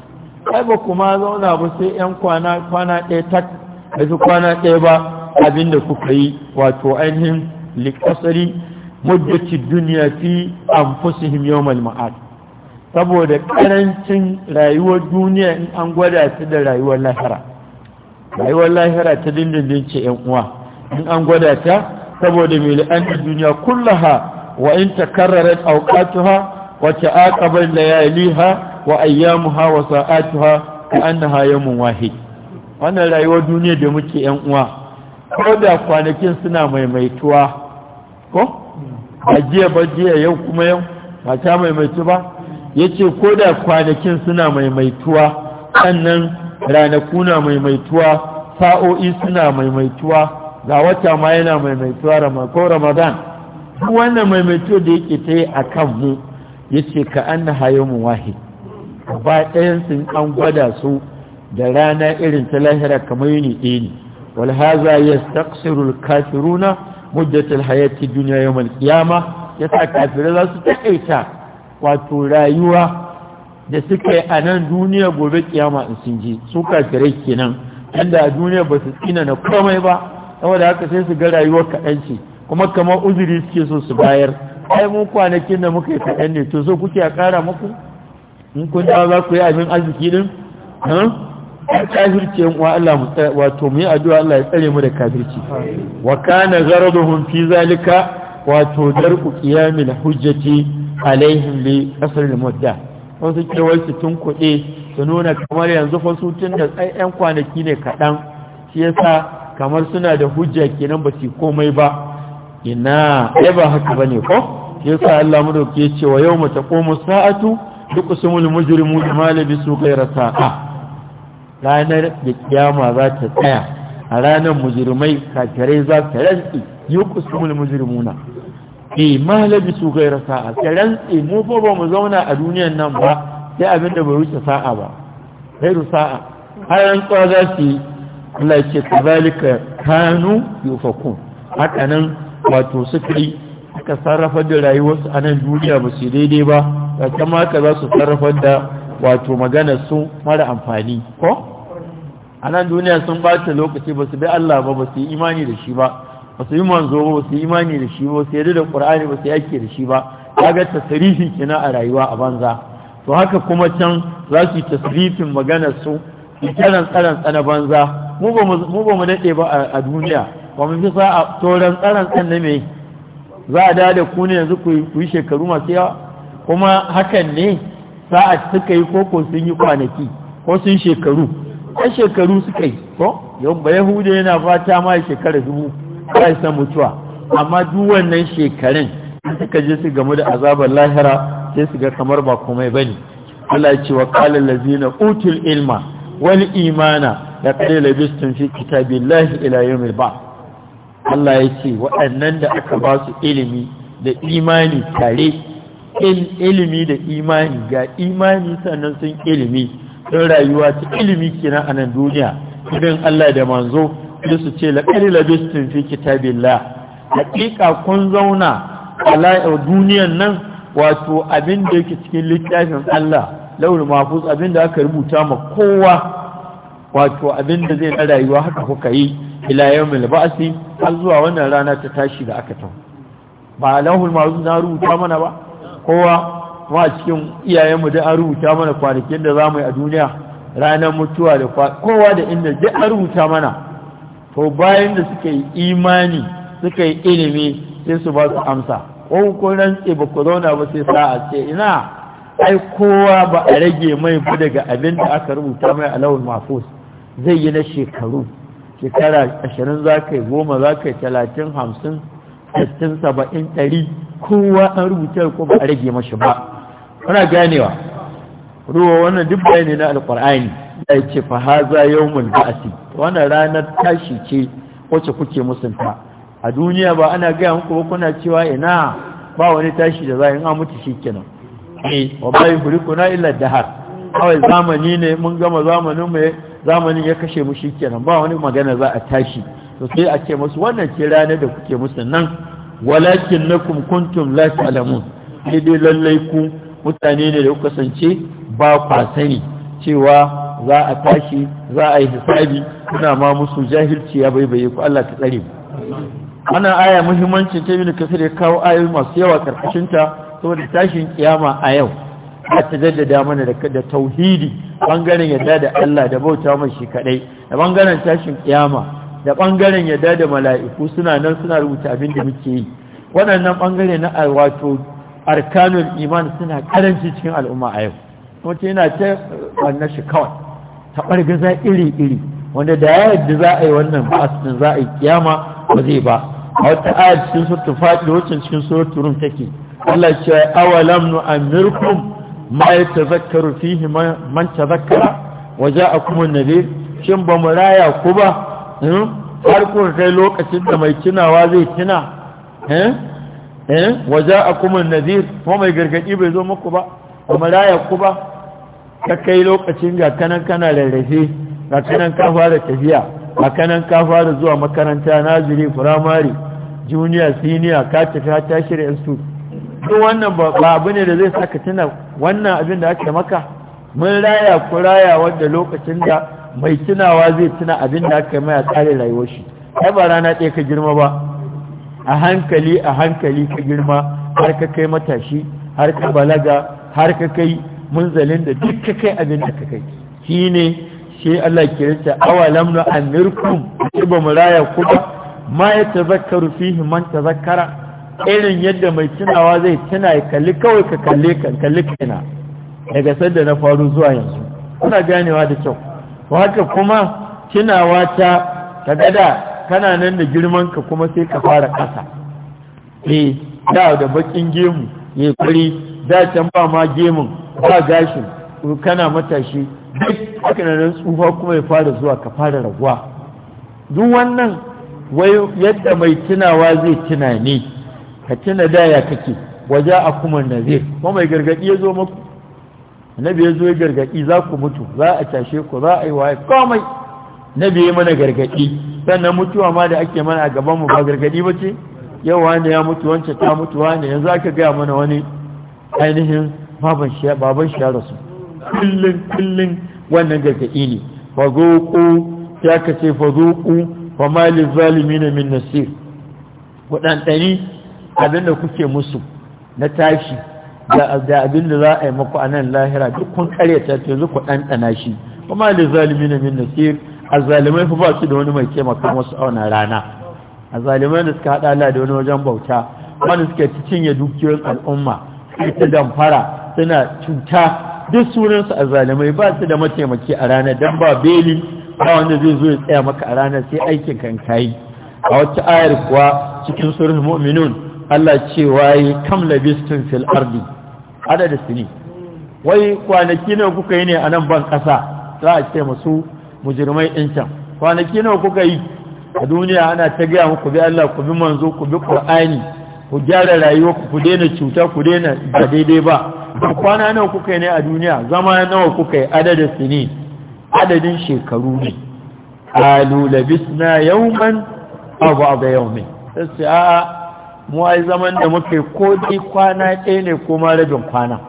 ai ba kuma zauna ba sai yan kwana kwana ɗaya tak kwana ɗaya ba abin da kuka yi wato ainihin likasari muddaci duniya fi anfusihim yawmal ma'ad saboda ƙarancin rayuwar duniya in an gwada su da rayuwar lahira rayuwar lahira ta dindindin ce yan uwa in an gwada ta saboda mai la'antar duniya kullaha wa in ta takarrarat awqatuha wa ayyamu ha wa ayyamuha ta an ka hayan mun wahid wannan rayuwar duniya da muke yan uwa ko da kwanakin suna maimaituwa ko a jiya ba jiya yau kuma yau ba ta maimaitu ba ya ce ko da kwanakin suna maimaituwa sannan ranaku na maimaituwa sa'o'i suna maimaituwa ga wata ma yana maimaituwa ko ramadan duk wannan maimaituwa da yake ta yi a kan mu ya ce ka an na hayo mu wahi ba ɗayan sun an gwada su da rana irin ta lahira kamar yini ɗaya ne ولهذا يستقصر الكافرون مدة الحياة الدنيا يوم القيامة يسا كافر الله wato rayuwa da suka a nan duniya gobe kiyama in sun ji su kafirai kenan inda a duniya ba su tsina na komai ba saboda haka sai su ga rayuwar kaɗan ce kuma kamar uzuri suke so su bayar ai mu kwanakin da muka yi kaɗan ne to so kuke a ƙara muku in kun za ku yi abin arziki din kafirci yan uwa Allah mu wato mu yi addu'a Allah ya tsare mu da kafirci wa kana gharaduhum fi zalika wato darku qiyamil hujjati alaihim bi asr al mudda wasu kewar su tun kuɗe su nuna kamar yanzu fa su tun da yan kwanaki ne kaɗan shi yasa kamar suna da hujja kenan ba su komai ba ina ai ba haka bane ko yasa Allah mu dauke cewa yau mu taqumu sa'atu duk usumul mujrimu ma su ghayra sa'a ranar da kiyama za ta tsaya a ranar mujirmai kafirai za ta rantsi yi kusumul mujirmuna e eh, ma su gaira sa'a ta rantsi mu fa ba mu zauna a duniyan nan ba sai abinda bai wuce sa'a ba ru sa'a har rantsuwa za su yi Allah ya ce zalika kanu ufakun. haka nan wato su kai suka sarrafa da rayuwarsu a nan duniya ba su daidai ba da kama ka za su sarrafa da wato maganar su mara amfani ko a nan duniya sun ɓata lokaci ba su bi Allah ba ba su yi imani da shi ba ba su yi manzo ba su yi imani da shi ba su yadda da ƙur'ani ba su yake da shi ba ga tasrifi kina a rayuwa a banza to haka kuma can za su yi tasrifin magana su kiran tsaran tsana banza mu ba mu daɗe ba a duniya ba mu fi sa'a toran tsaran tsan na me za a da da ku ne yanzu ku yi shekaru masu yawa kuma hakan ne sa'a suka yi koko sun yi kwanaki ko sun shekaru ɗan shekaru suka yi ko ba yahuda yana fata ma shekara dubu ba ya san mutuwa amma duk wannan shekarun an suka je su gamu da azabar lahira sai su ga kamar ba komai ba ne Allah ya ce wa qala allazina utul ilma wani imana da laqad labistum fi kitabillahi ila yawmil ba Allah ya ce waɗannan da aka ba su ilimi da imani tare ilimi da imani ga imani sannan sun ilimi don rayuwa ta ilimi kenan a nan duniya idan Allah da manzo da su ce laqad labistum fi kitabillah hakika kun zauna a duniyan nan wato abin da yake cikin littafin Allah laul mahfuz abin da aka rubuta ma kowa wato abin da zai na rayuwa haka kuka yi ila yawmil ba'si har zuwa wannan rana ta tashi da aka tafi ba lahul mahfuz na rubuta mana ba kowa kuma a cikin iyayenmu da an rubuta mana kwanakin da za mu yi a duniya ranar mutuwa da kowa da inda da an rubuta mana to bayan da suka yi imani suka yi ilimi sai su ba su amsa ko ko rantse ba ku zauna ba sai sa'a ce ina ai kowa ba a rage mai ba daga abin da aka rubuta mai lawan mafus zai yi na shekaru shekara ashirin za ka yi goma za ka yi talatin hamsin sittin saba'in ɗari kowa an rubuta ko ba a rage mashi ba kuna ganewa ruwa wannan duk ne na alqur'ani da yake fa haza yawmul ba'si wannan ranar tashi ce wacce kuke musunta a duniya ba ana gaya muku ba kuna cewa ina ba wani tashi da za in an mutu shikenan eh wa bai furikuna illa dahar kawai zamani ne mun gama zamanin mu zamanin ya kashe mu shikenan ba wani magana za a tashi to sai a ce musu wannan ce ranar da kuke musu nan walakin nakum kuntum la ta'lamun dai lallai ku mutane ne da kuka sance ba kwa sani cewa za a tashi za a yi hisabi kuna ma musu jahilci ya baibaye ku Allah ta tsare ana aya muhimmancin ta yi kasar ya kawo ayoyi masu yawa karkashin ta saboda tashin kiyama a yau a ta jaddada mana da tauhidi bangaren yadda da Allah da bauta mai shi kadai da bangaren tashin kiyama da bangaren yadda da mala'iku suna nan suna rubuta abin da muke yi waɗannan bangare na wato arkanul iman suna karanci cikin al'umma a yau Wata yana ta wannan shi kawai ta gaza iri-iri wanda da ya yadda za a yi wannan ba'as za a yi kiyama ba zai ba a wata ayar cikin surtu faɗi wacce cikin surtu rum take Allah ya ce awalam nu amirkum ma yatazakkaru fihi man tazakkara wa ja'akum an-nadir shin ba mu raya ku ba hmm? har kun kai lokacin da mai tunawa zai tuna eh eh waja akumun nazir kuma mai gargadi bai zo muku ba kuma raya ku ba ka kai lokacin ga kanan kana rarrafe ga kanan ka fara tafiya ga kanan ka fara zuwa makaranta naziri firamare junior senior ka tafi ta tashi da su duk wannan ba abu ne da zai saka tuna wannan abin da ake maka mun raya ku raya wanda lokacin da mai tunawa zai tuna abin da aka mai a tsarin rayuwar shi ai ba rana ɗaya ka girma ba a hankali a hankali ka girma har ka kai matashi har ka balaga har ka kai munzalin da duk ka kai abin da ka kai shi ne shi Allah kirista awalam na amirkum shi ba muraya kuma ma ya tazakkaru fihi man tazakkara irin yadda mai tunawa zai tuna ya kalli kawai ka kalle ka kalli kaina daga sanda na faru zuwa yanzu kuna ganewa da kyau haka kuma tunawa ta ta gada kana nan da girman ka kuma sai ka fara ƙasa eh da da bakin gemu ya kuri da can ba ma gemun ba gashin kana matashi duk haka nan tsufa kuma ya fara zuwa ka fara raguwa duk wannan wai yadda mai tunawa zai tuna ne ka tuna da ya kake waje a kuma nazir kuma mai gargadi ya zo maku annabi ya zo gargadi za ku mutu za a tashe ku za a yi waye komai Na biye mana gargadi sannan mutuwa ma da ake mana a gaban ba gargadi ba ce yau wani ya mutu wancan ta mutu wani yanzu aka gaya mana wani ainihin baban shi baban shi ya rasu kullun kullun wannan gargadi ne fa ya kace fa fa malil zalimin min nasir wadan abin abinda kuke musu na tashi da abin da za a yi maku a nan lahira duk kun karyata ta yanzu ku ɗanɗana shi kuma da zalimi na min nasir zalimai fi ba su da wani mai taimaka musu a rana zalimai da suka haɗa da wani wajen bauta wanda suka ci cinye dukiyoyin al'umma ta damfara suna cuta duk sunansu zalimai ba su da mataimaki a ranar don ba beli ba wanda zai zo ya tsaya maka a ranar sai aikin kan kayi. a wata ayar kuwa cikin surah mu'minun Allah ce waye kam labistin fil ardi adada sini wai kwanaki ne kuka yi ne a nan ban kasa za a ce musu mujirmai ɗin can kwanaki nawa kuka yi a duniya ana ta gaya muku bi Allah ku bi manzo ku bi Qur'ani ku gyara rayuwa ku daina cuta ku daina ba daidai ba kwana nawa kuka yi ne a duniya zama nawa kuka yi adadin sini adadin shekaru ne alu labisna yawman aw ba'da yawmin sai a mu ai zaman da muke ko dai kwana ɗaya ne ko ma rabin kwana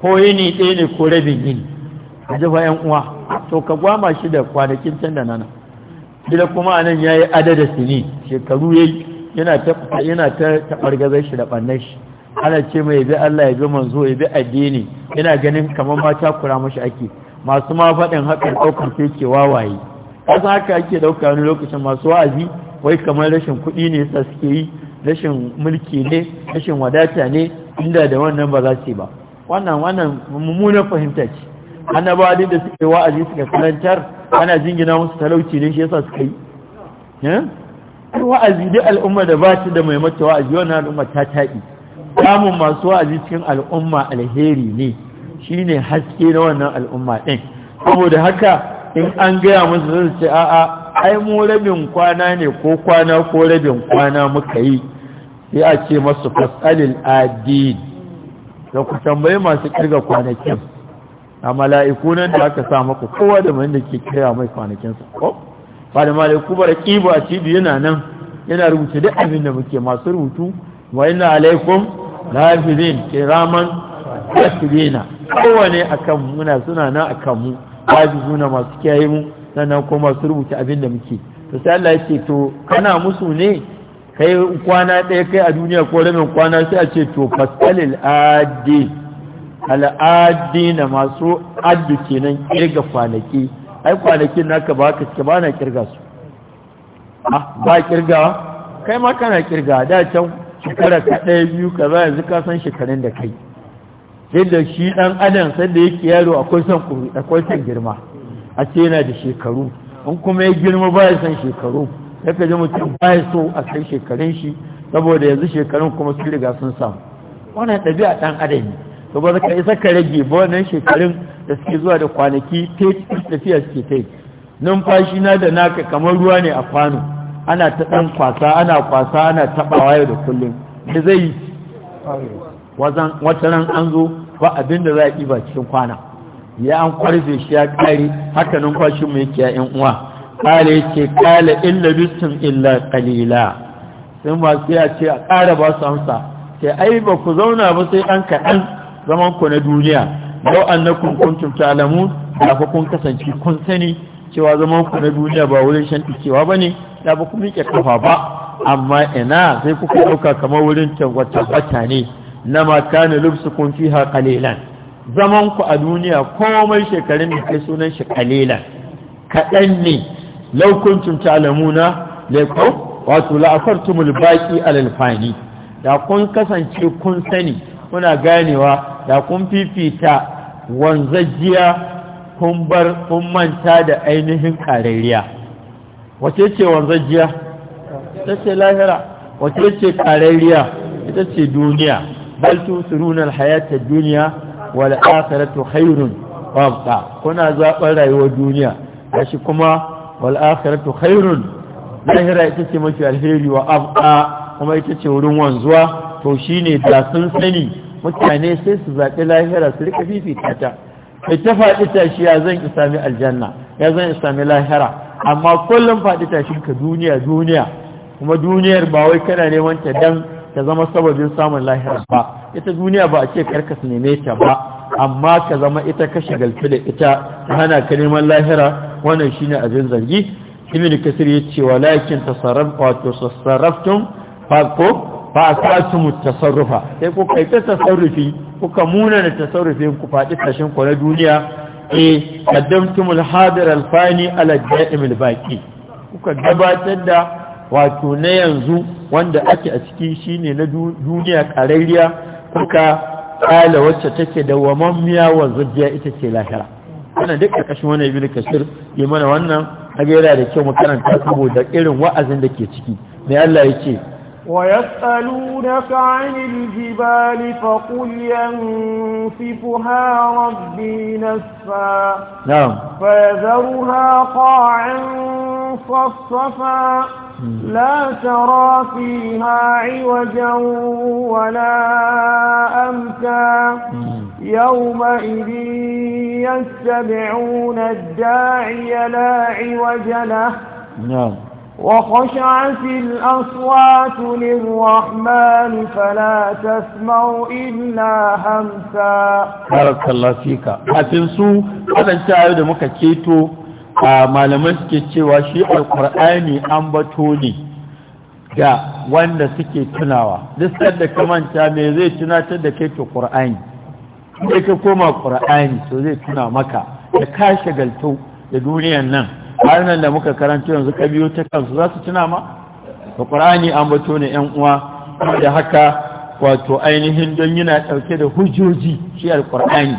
ko yini ɗaya ne ko rabin yini a ji ƴan uwa to ka gwama shi da kwanakin can da nana gida kuma anan ya yi adada sini shekaru ya yi yana ta taɓargazar shi da ɓannan shi ana ce mai yabi Allah ya manzo ya bi addini yana ganin kamar mata kura mashi ake masu ma faɗin haƙar ɗaukar sai ke wawaye ƙasa haka ake ɗauka wani lokacin masu wa'azi wai kamar rashin kuɗi ne sa suke yi rashin mulki ne rashin wadata ne inda da wannan ba za su yi ba wannan wannan mummunan fahimta ce annabawa din da suke wa'azi suka karantar ana jingina musu talauci ne shi yasa suka yi eh? wa'azi duk al'umma da ba da mai mata wa'azi wannan al'umma ta taɗi samun masu wa'azi cikin al'umma alheri ne shine haske na wannan al'umma din saboda haka in an gaya musu zai ce a'a ai mu rabin kwana ne ko kwana ko rabin kwana muka yi sai a ce masu fasalil adin da ku tambayi masu kirga kwanakin a mala'iku nan da aka sa maka kowa da mai da ke kira mai kwanakinsa ko ba da mala'iku bara kiba a cibi yana nan yana rubuta duk abin da muke masu rubutu wa yana alaikum lafizin kiraman kasirina kowane a kan muna suna nan a kan mu babu suna masu kiyaye mu sannan kuma masu rubuta abin da muke to sai Allah ya to kana musu ne kai kwana ɗaya kai a duniya ko ramin kwana sai a ce to fasalil adi na masu addu kenan kirga kwanaki ai kwanakin naka ba ka ce ba na kirga su ah, ba kirga kai ma kana kirga da can shekara ka ɗaya biyu ka za yanzu ka san shekarun da kai yadda shi ɗan adam sanda yake yaro akwai son kuri akwai son girma a ce yana da shekaru in kuma ya girma ba ya san shekaru sai ka ji mutum ba ya so a san shekarun shi saboda yanzu shekarun kuma sun riga sun samu wannan ɗabi'a ɗan adam ne to ba ka isa ka rage ba wannan shekarun da suke zuwa da kwanaki tafiya suke yi. numfashi na da naka kamar ruwa ne a kwano ana ta ɗan kwasa ana kwasa ana taɓawa yau da kullum da zai yi ran an zo ba abin da za a ɗiba cikin kwana ya an kwarfe shi ya ƙare haka numfashin mu yake ya uwa kale ce kale illa bistin illa kalila sun ba su a ce a ƙara ba su amsa sai ai ba ku zauna ba sai an kaɗan zaman ku na duniya lau annakum kuntum ta'lamun da fa kun kasance kun sani cewa zaman ku na duniya ba wurin shanti cewa bane da ba ku miƙe kafa ba amma ina sai ku dauka kamar wurin tabbata ne na mata na kun fiha qalilan zaman ku a duniya komai shekarun da kai sunan shi qalilan kadan ne law kuntum ta'lamuna laikau wato la'afar baqi alal fani da kun kasance kun sani kuna ganewa da kun fifita wanzajiya kun bar kun manta da ainihin ƙarariya. wace ce wanzajiya ita ce lahira wace ce ƙarariya? ita ce duniya bal tusiruna alhayata duniya wal akhiratu khairun wa kuna zaɓar rayuwar duniya gashi kuma wal akhiratu khairun lahira ita ce mafi alheri wa abqa kuma ita ce wurin wanzuwa to shine da sun sani mutane sai su zaɓi lahira su rika fifita ta kai ta faɗi tashi ya zan isami aljanna ya zan isami lahira amma kullum faɗi tashi ka duniya duniya kuma duniyar ba wai kana neman ta dan ta zama sababin samun lahira ba ita duniya ba a ce karka su neme ta ba amma ka zama ita ka shagaltu da ita ta hana ka neman lahira wannan shine abin zargi ibn kasir ya walakin tasarraf wato tasarraftun fa ko fa asasumu tasarrufa sai ku kai ta tasarrufi kuka muna da tasarrufin ku faɗi tashin ku na duniya eh qaddamtumul hadir al fani ala da'im al kuka gabatar da wato na yanzu wanda ake a ciki shine na duniya karariya kuka kala wacce take da miya wa zubiya ita ce lahira wannan duk karkashin wannan ibnu kasir yi mana wannan a gaira da kyau mu karanta saboda irin wa'azin da ke ciki mai Allah yake ويسألونك عن الجبال فقل ينصفها ربي نسفا نعم فيذرها قاعا صفصفا لا ترى فيها عوجا ولا أمتا يومئذ يتبعون الداعي لا عوج له نعم وخشعت الأصوات للرحمن فلا تسمع إلا همسا بارك الله فيك أتنسو هذا الشعر دمك كيتو malaman suke cewa shi alkur'ani an bato ne ga wanda suke tunawa duk da ka manta me zai tunatar da kai to qur'ani sai ka koma ƙur'ani so zai tuna maka Ya ka shagaltu da duniyar nan ayoyin da muka karanta yanzu ka biyo ta kansu za su tuna ma da an bato ne yan uwa da haka wato ainihin don yana ɗauke da hujjoji shi a alqur'ani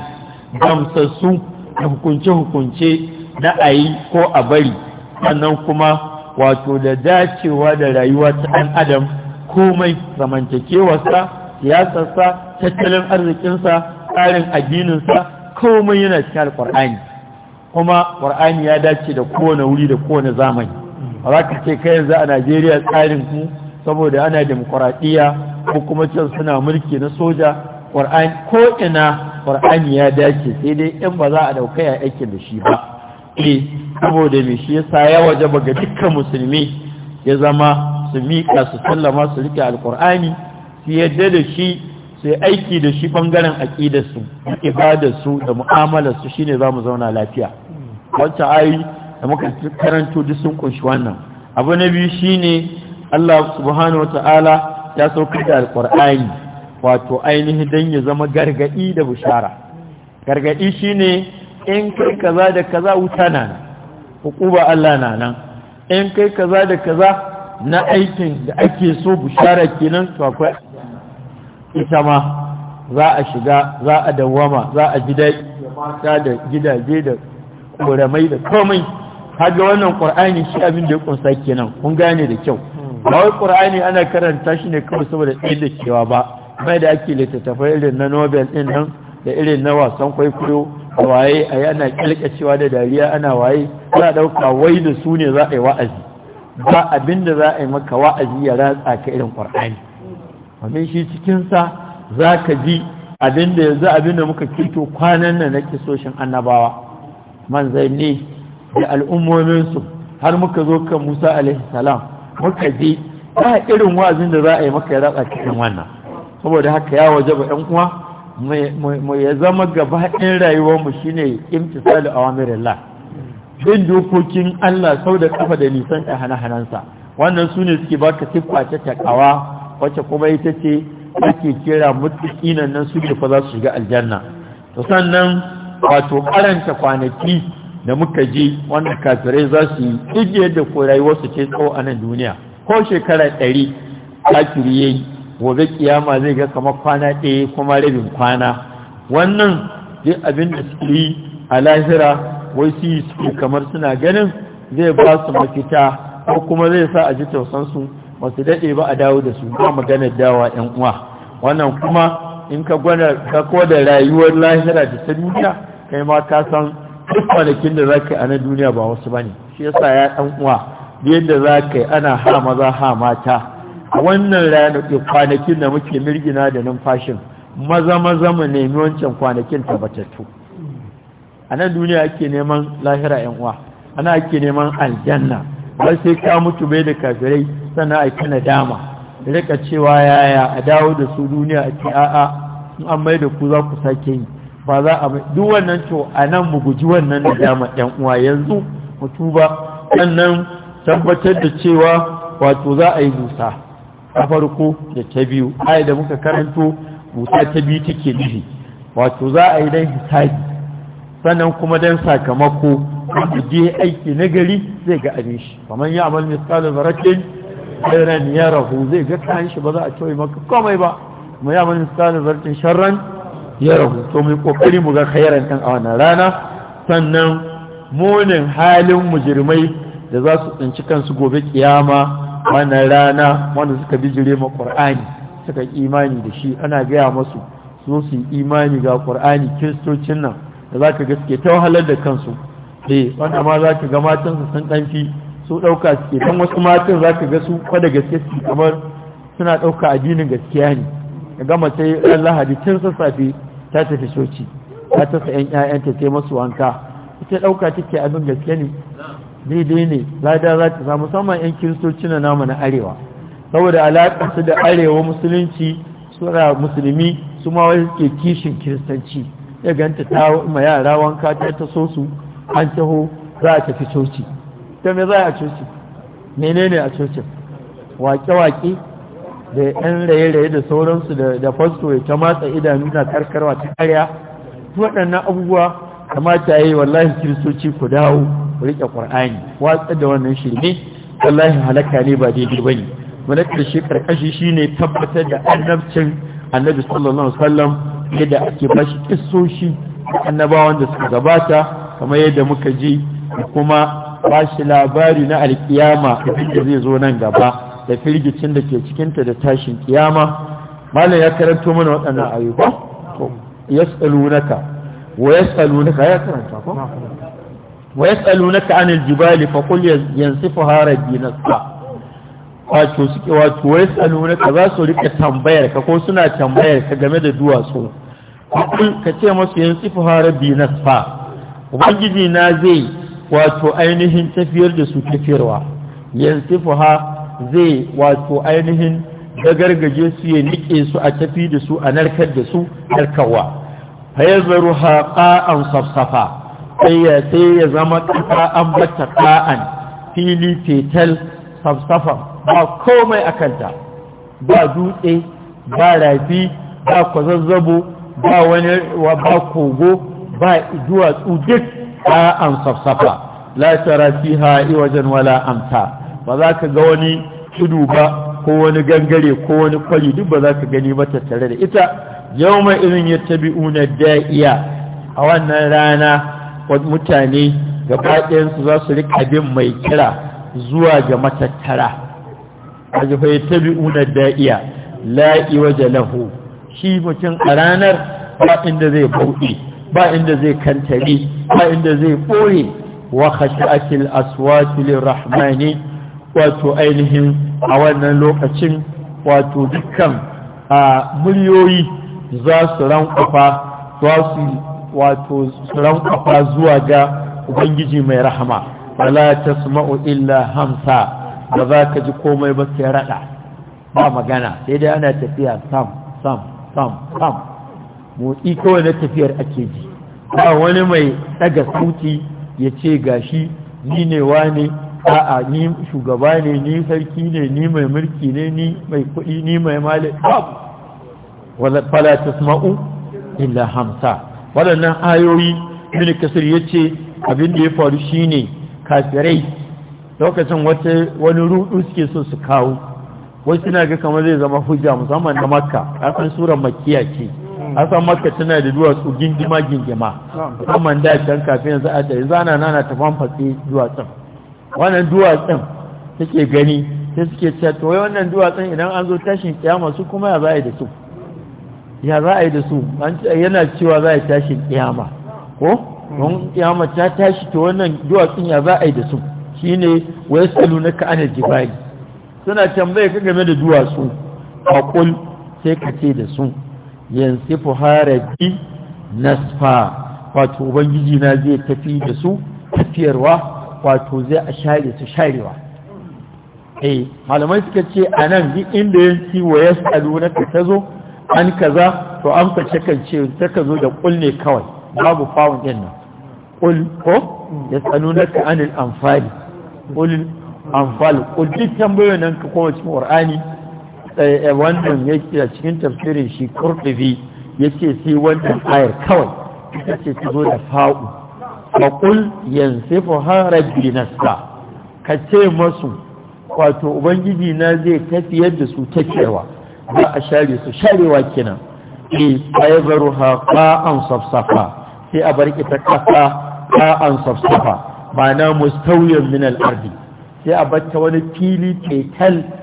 gamsassu da hukunce-hukunce na ayi ko a bari sannan kuma wato da dacewa da rayuwa ta ɗan adam komai zamantakewarsa siyasarsa tattalin arzikinsa tsarin addininsa komai yana cikin alƙur'ani kuma ƙur'ani ya dace da kowane wuri da kowane zamani ba za ka ce kai yanzu a najeriya tsarin ku saboda ana demokuraɗiyya ko kuma can suna mulki na soja ƙur'ani ko ina ƙur'ani ya dace sai dai in ba za a ɗauka ya aikin da shi ba eh saboda me shi yasa ya waje ga dukkan musulmi ya zama su miƙa su sallama su riƙe alƙur'ani su yadda da shi sai aiki da shi bangaren aƙidarsu ibadarsu da mu'amalarsu shine mu zauna lafiya wacce ayi da muka karanto duk sun kunshi wannan abu na biyu shine Allah subhanahu ta'ala ya sauka da alƙur'ani, wato ainihin don ya zama gargaɗi da bushara shi shine in kai kaza da kaza wuta na nan, hukuba Allah na nan in kai kaza da kaza na aikin da ake so bushara kenan to akwai ita ma za a shiga za a dawama za a da gidaje da ƙoramai da komai ga wannan ƙur'ani shi abin da ya ƙunsa kenan kun gane da kyau ba wai ƙur'ani ana karanta shi ne kawai saboda ɗaya da cewa ba mai da ake littattafai irin na nobel ɗin nan da irin na wasan kwaikwayo da waye a yi ana ƙyalƙacewa da dariya ana waye za a ɗauka wai da su ne za a yi wa'azi ba abin da za a yi maka wa'azi ya ratsa ka irin ƙura'ani. domin shi cikinsa za ka ji abin da yanzu abin da muka kito kwanan nan na kisoshin annabawa manzanni da al'ummominsu har muka zo kan musa salam muka ji ba irin wa'azin da za a yi maka ya ratsa cikin wannan saboda haka ya waje ba 'yan uwa mu ya zama gaba ɗin rayuwarmu shine imtisalu awamirillah bin dokokin Allah sau da kafa da nisan da hana-hanansa wannan su ne suke baka siffa ta takawa wacce kuma ita ce ake kira mutukinan nan su ne fa za su shiga aljanna to sannan wato karanta kwanaki da muka ji wanda kafirai za su yi duk yadda ko rayuwarsu ce tsawo a nan duniya ko shekara ɗari kafiri ya yi gobe kiyama zai ga kamar kwana ɗaya kuma rabin kwana wannan duk abin da suke yi a lahira wai su yi suke kamar suna ganin zai ba su mafita ko kuma zai sa a ji tausansu ba su daɗe ba a dawo da su ba maganar dawa ‘yan uwa wannan kuma in ka gwada ka da rayuwar lahira da ta duniya kai ma ka san kwanakin da za ka yi a na duniya ba wasu ba ne shi sa ya ɗan uwa yadda za ka yi ana ha maza ha mata a wannan ranar eh, kwanakin da muke mirgina da numfashin maza maza mu nemi wancan kwanakin tabbatattu a nan duniya ake neman lahira ‘yan uwa ana ake neman aljanna ba sai ka mutu bai da kafirai sana a kana dama rika cewa yaya a dawo da su duniya a ce a'a in an mai da ku za ku sake yi ba za a duk wannan to a nan mu guji wannan dama ɗan uwa yanzu mutu ba sannan tabbatar da cewa wato za a yi busa a farko da ta biyu ai da muka karanto busa ta biyu take nufi wato za a yi dan hisabi sannan kuma dan sakamako wanda je aiki na gari zai ga abin shi kamar ya amal misali zarafin khairan yarahu zai ga kayan shi ba za a toye maka komai ba mu ya mani misalin zartin sharran yarahu to mai kokari mu ga khairan ɗan a wannan rana sannan munin halin mujirmai da za su tsinci kansu gobe kiyama wannan rana wanda suka bijire ma qur'ani suka imani da shi ana gaya masu so su imani ga qur'ani kiristocin nan da zaka ga suke ta wahalar da kansu eh wanda ma zaka ga matan su san ɗanfi su ɗauka suke don wasu matan za ka ga su kwada gaske su kamar suna ɗauka addinin gaskiya ne ga gama sai ɗan lahadi tun sassafe ta tafi coci ta tasa ‘yan ‘ya'yanta sai masu wanka ita ɗauka take abin gaske ne daidai ne lada za ta samu musamman ‘yan kiristoci na namu na arewa saboda alaƙa su da arewa musulunci suna musulmi su ma wani suke kishin kiristanci ya ganta ta ma yara wanka ta taso su an taho za a tafi coci ta me za a coci menene a cocin waƙe-waƙe da yan raye-raye da sauransu da fasto ya ta matsa idanu na karkarwa ta karya waɗannan abubuwa kamata ya yi wallahi kiristoci ku dawo ku riƙe ƙwar'ani watsar da wannan shirme wallahi halaka ne ba daidai ba ne mana ƙarshe ƙarƙashi shi ne tabbatar da annabcin annabi sallallahu alaihi wasallam yadda ake bashi kissoshi annabawan da suka gabata kamar yadda muka ji kuma ba shi labari na alkiyama da zai zo nan gaba da firgicin da ke cikinta da tashin kiyama malam ya karanto mana waɗannan ayyuka to yas'alunaka wa yas'alunaka ya karanta ko wa yas'alunaka anil jibali fa qul yansifuha hara nasfa wato suke wato wa yas'alunaka za su rika tambayar ka ko suna tambayar ka game da duwatsu ka ce masu yansifuha rabbi nasfa ubangiji na zai wato ainihin tafiyar da su tafiyarwa yanzu fuha zai wato ainihin dagargaje su ya nike su a tafi da su a narkar da su narkarwa haya zaru safsafa sai safsafa sai ya zama ƙasa an bata ƙa'an fili fetal safsafa ba komai a kanta. ba dutse ba rafi ba kwazazzabo ba wani ba kogo ba duwatsu duk ba'an safsafa la tara fiha iwajan wala amta ba za ka ga wani tudu ba ko wani gangare ko wani kwari duk ba za ka gani ba tattare da ita yawma irin yattabi'una da'iya a wannan rana mutane gaba su za su rika bin mai kira zuwa ga matattara ajifa yattabi'una da'iya la iwaja lahu shi mutum a ranar ba inda zai bauɗe ba inda zai kantari ba inda zai ɓoye wa khashi'atil aswati lirrahmani wato ainihin a wannan lokacin wato dukkan a muryoyi za su rankafa za su wato zuwa ga ubangiji mai rahama wala tasma'u illa hamsa ba za ka ji komai ba sai rada ba magana sai dai ana tafiya sam sam sam sam motsi kawai na tafiyar ake ji ba wani mai daga kuti ya ce gashi ni ne wane a'a ni shugaba ne ni sarki ne ni mai mulki ne ni mai kuɗi ni mai mali babu fala tasma'u illa hamsa waɗannan ayoyi ibn kasir yace abin da ya faru shine kafirai lokacin wata wani rudu suke so su kawo Wai suna ga kamar zai zama hujja musamman na makka kasan surar makkiya ce an san maka tana da duwatsu gingima gingima musamman da can kafin yanzu a da yanzu ana nana ta famfatse duwatsun wannan duwatsun take gani sai suke cewa to wai wannan duwatsun idan an zo tashin kiyama su kuma ya za a yi da su ya za a yi da su yana cewa za a yi tashin kiyama ko don kiyama ta tashi to wannan duwatsun ya za a yi da su shine wai salu na ka'anar jibali suna tambaye ka game da duwatsu a sai ka ce da su yansifu harabi nasfa wato ubangiji na zai tafi da su tafiyarwa wato zai a share su sharewa eh malamai suka ce a nan duk inda yanki wa ya salu na ta zo an kaza to an fashe kan ce ta ka zo da ne kawai babu fawon din nan kul ko ya salu na ka anil amfali kul amfali kul duk tambayoyin nan ka kowace qur'ani Eh, eh, wannan yake a cikin tafsirin shi kurdubi yace sai wannan ayar kawai ita ce ta zo da fa'u faƙul yansifu harabi nasta ka ce masu wato ubangiji na zai tafi da su cewa, za a share su sharewa kenan e eh, faibaru ha ƙa'an safsafa sai a bar ita ƙasa ƙa'an safsafa ma'ana mustawiyar min al'ardi sai a batta wani fili tetal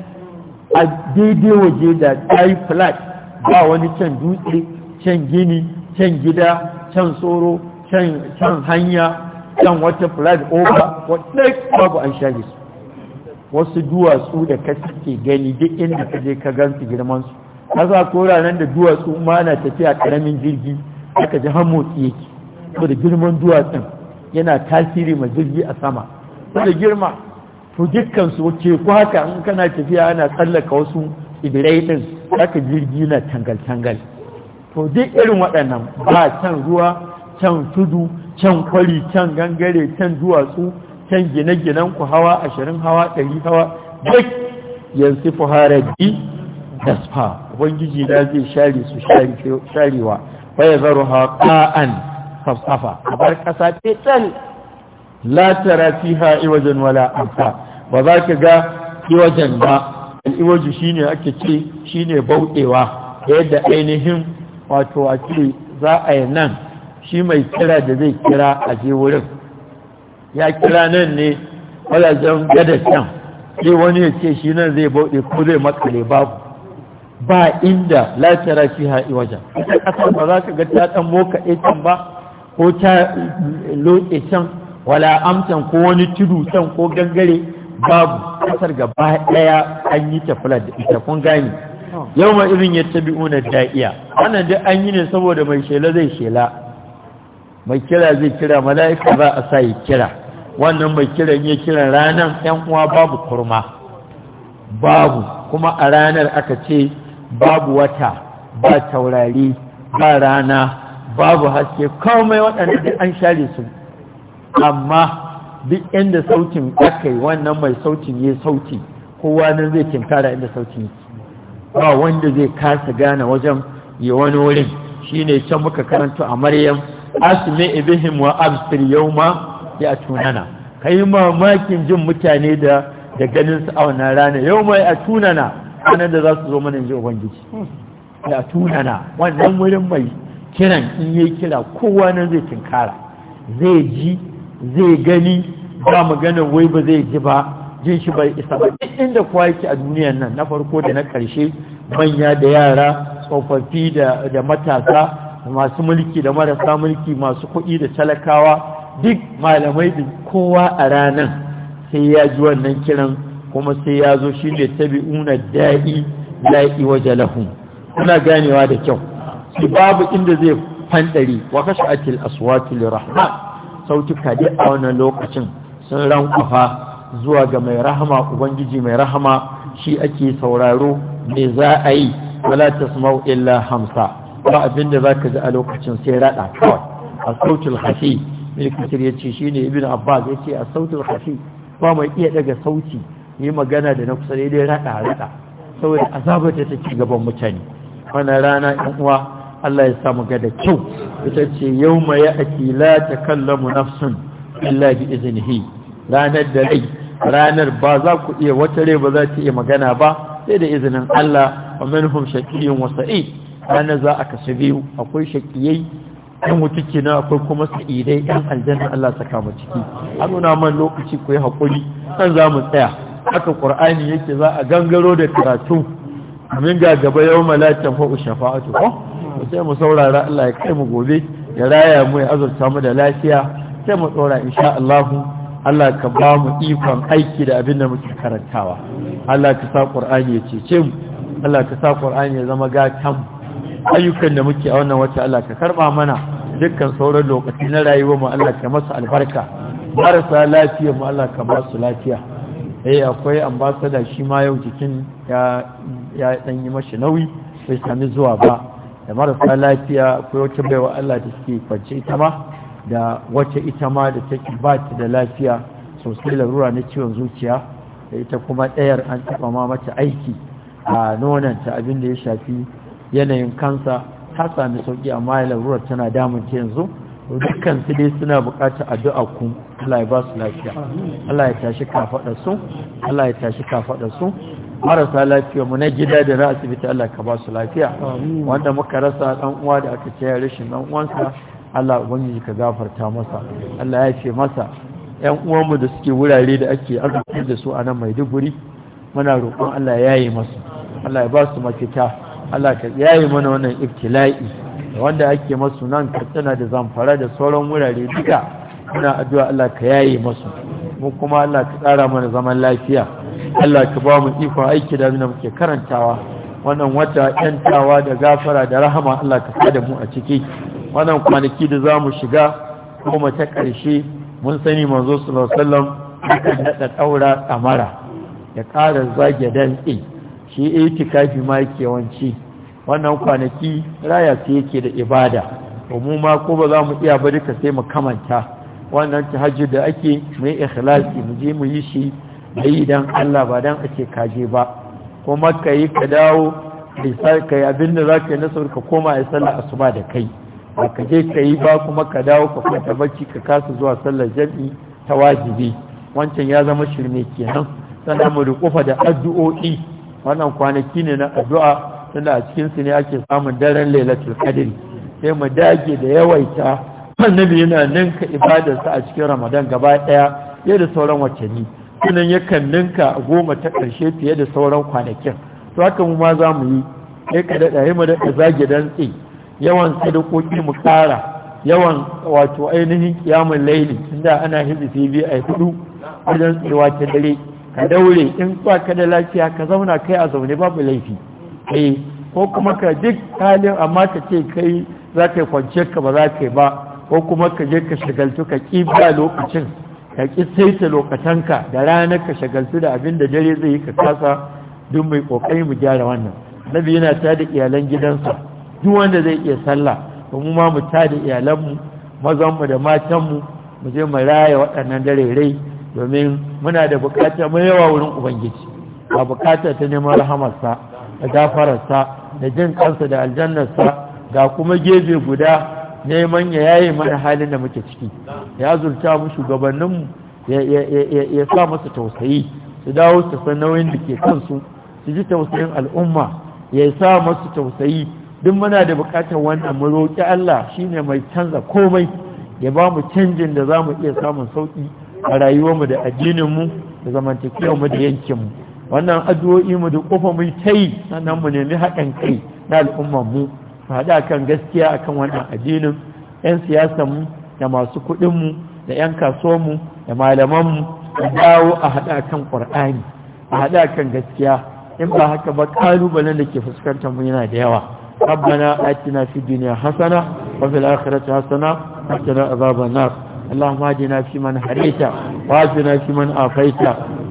a daidai waje da tayi flat ba wani can dutse can gini can gida can tsoro can hanya can wata flat over wadda babu an shaji su wasu duwatsu da ka suke gani duk inda ka je ka gansu girmansu kaza ko ranar da duwatsu ma na tafiya karamin jirgi aka ji hamo yake saboda girman duwatsun yana tasiri ma jirgi a sama saboda girma to dukkan su ce ku haka in kana tafiya ana tsallaka wasu ibirai din zaka jirgi na tangal tangal to duk irin waɗannan ba can ruwa can tudu can kwari can gangare can duwatsu can gine-ginen ku hawa ashirin hawa ɗari hawa duk yanzu fuharabi da spa ubangiji na zai share su sharewa bai zaro haƙa'an fasafa a bar ƙasa fetal la tara fiha iwajen wala amsa ba za ka ga iwajen ba al'iwaju shi ne ake ce shi ne bauɗewa yadda ainihin wato a ce za a yi nan shi mai kira da zai kira a je wurin ya kira nan ne wajajen gada can sai wani ya ce shi nan zai bauɗe ko zai makale babu ba inda latara shi ha'i wajen ita ba za ka ga ta ɗan moka can ba ko ta loke can wala amsan ko wani tudu can ko gangare babu kasar gaba daya an yi tafilar da ita kun gani yau ma irin ya tabi una da'iya wannan duk an yi ne saboda mai shela zai shela mai kira zai kira mala'ika ba a sa yi kira wannan mai kira ya kira ranar yan uwa babu kurma babu kuma a ranar aka ce babu wata ba taurari ba rana babu haske komai waɗanda an share su amma duk inda sautin aka wannan mai sautin ya sauti kowa nan zai kinkara inda sautin yake ba wanda zai kasa gane wajen yi wani wurin shine can muka karanta a maryam asmi ibihim wa absir yawma ya tunana kai mamakin jin mutane da da ganin su a wannan rana yawma ya tunana anan da za su zo mana ji ubangiji ya tunana wannan wurin mai kiran in yi kira kowa nan zai kinkara, zai ji zai gani ba magana wai ba zai ji ba jin shi bai isa ba inda kuwa yake a duniyan nan na farko da na karshe manya da yara tsofaffi da matasa masu mulki da marasa mulki masu kuɗi da talakawa duk malamai da kowa a ranar sai ya ji wannan kiran kuma sai ya zo shi ne tabi'una da'i la'i waje lahun kuna ganewa da kyau babu inda zai fanɗari wa kashe aswatu rahman. sautuka dai a wannan lokacin sun rankwafa zuwa ga mai rahama ubangiji mai rahama shi ake sauraro mai za a yi wala tasma'u illa hamsa ba abin abinda zaka ji a lokacin sai rada kawai a sautul hafi mai kusur ya ce shi ne ibn abbas ya ce a sautul hafi ba mai iya daga sauti yi magana da na kusa daidai rada rada saboda azabar ta take gaban mutane wannan rana yan uwa Allah ya samu ga da kyau ita ce yau ma ya aki la ta kallamu nafsun illa bi iznihi ranar da rai ranar ba za ku iya wata rai ba za ta iya magana ba sai da izinin Allah wa minhum shakiyun wa sa'i ranar za a kashe biyu akwai shakiyai ɗan wuta na akwai kuma sa'idai ɗan aljanna Allah saka mu ciki a nuna man lokaci ku yi haƙuri kan za mu tsaya haka ƙur'ani yake za a gangaro da karatu amin ga gaba yau malatan fa'u shafa'atu ko mu sai mu saurara Allah ya kai mu gobe ya raya mu ya azurta mu da lafiya sai mu tsora insha Allah Allah ka ba mu ikon aiki da abin da muke karantawa Allah ka sa Qur'ani ya cece mu Allah ka sa Qur'ani ya zama gatan ayyukan da muke a wannan wata Allah ka karba mana dukkan sauran lokaci na rayuwar mu Allah ka masa albarka marasa lafiya mu Allah ka ba su lafiya eh akwai ambassador shi ma yau jikin ya ya dan yi mashi nauyi bai sami zuwa ba da marasa lafiya ko wata baiwa Allah da suke kwance ita ma da wacce ita ma da take ba ta da lafiya sosai larura na ciwon zuciya da ita kuma ɗayar an taɓa ma mata aiki a nonanta abin da ya shafi yanayin kansa ta sami sauƙi amma larura tana damun ta yanzu dukkan su dai suna buƙatar addu'a ku Allah ya ba su lafiya Allah ya tashi kafaɗa su Allah ya tashi kafaɗa su marasa lafiya mu na gida da na asibiti Allah ka ba su lafiya wanda muka rasa dan uwa da aka ce rashin dan uwansa Allah ubangiji ka gafarta masa Allah ya ce masa yan uwanmu da suke wurare da ake arziki da su a nan Maiduguri muna roƙon Allah ya yi masu Allah ya ba su mafita Allah ka yayi mana wannan ibtila'i wanda ake masu nan katsina da zamfara da sauran wurare duka muna addu'a Allah ka yayi masu mu kuma Allah ka tsara mana zaman lafiya Allah ka ba mu iko aiki da abinda muke karantawa wannan wata yantawa da gafara da rahama Allah ka sada mu a ciki wannan kwanaki da za mu shiga kuma ta ƙarshe mun sani manzo sallallahu alaihi wasallam ya daura kamara ya ƙara zage dantse shi itikafi ma yake wanci wannan kwanaki raya ce yake da ibada mu ma ko ba za mu iya ba duka sai mu kamanta wannan tahajjud da ake mu yi ikhlasi mu je mu yi shi da yi Allah ba don ake kaje ba kuma ka yi ka dawo ka yi abin da za ka yi nasarar ka koma ya sallar asuba da kai ba ka je ka yi ba kuma ka dawo ka kwanta bacci ka kasa zuwa sallar jam'i ta wajibi wancan ya zama shirme kenan sannan mu rikufa da addu'o'i wannan kwanaki ne na addu'a tunda a cikinsu ne ake samun daren lailatul qadr sai mu dage da yawaita annabi yana ninka ibadarsa a cikin ramadan gaba daya yadda sauran watanni sunan yakan ninka goma ta ƙarshe fiye da sauran kwanakin to haka mu ma za mu yi ai ka daɗa yi mu daɗa zage dantse yawan sadakoki mu ƙara yawan wato ainihin kiyamun laili inda ana hizifi biyu a hudu wajen tsewa ta dare ka daure in ba ka da lafiya ka zauna kai a zaune babu laifi eh ko kuma ka duk halin amma ka ce kai za ka yi kwanciyar ka ba za ka yi ba ko kuma ka je ka shagaltu ka ƙi ba lokacin ka ƙi saita lokacinka da ranar ka shagaltu da abin da dare zai yi ka kasa duk mai ƙoƙari mu gyara wannan nabi yana ta da iyalan gidansa duk wanda zai iya sallah mu ma mu ta da iyalanmu mazanmu da matanmu mu je mu raya waɗannan dare rai domin muna da buƙatar mai yawa wurin ubangiji ba buƙatar ta neman rahamarsa da gafararsa da jin kansa da aljannarsa ga kuma gefe guda neman ya yaye mana halin da muke ciki ya zurta mu shugabannin mu ya sa masa tausayi su dawo su san nauyin da ke kansu su ji tausayin al'umma ya sa masu tausayi duk muna da bukatar wannan mu roƙi Allah shine mai canza komai ya ba mu canjin da za mu iya samun sauƙi a rayuwarmu da addininmu da zamantakewarmu da yankinmu wannan addu'o'i mu da kofa mu ta yi sannan mu nemi haɗin kai na mu. mu haɗa kan gaskiya akan wannan addinin 'yan siyasanmu da masu kuɗinmu da 'yan kasuwanmu da malamanmu da dawo a haɗa kan ƙwar'ani a haɗa kan gaskiya in ba haka ba ƙalubalen da ke fuskantar mu yana da yawa ربنا آتنا في الدنيا حسنة وفي الآخرة حسنة وقنا عذاب النار اللهم اهدنا فيمن هديت وآتنا فيمن آفيت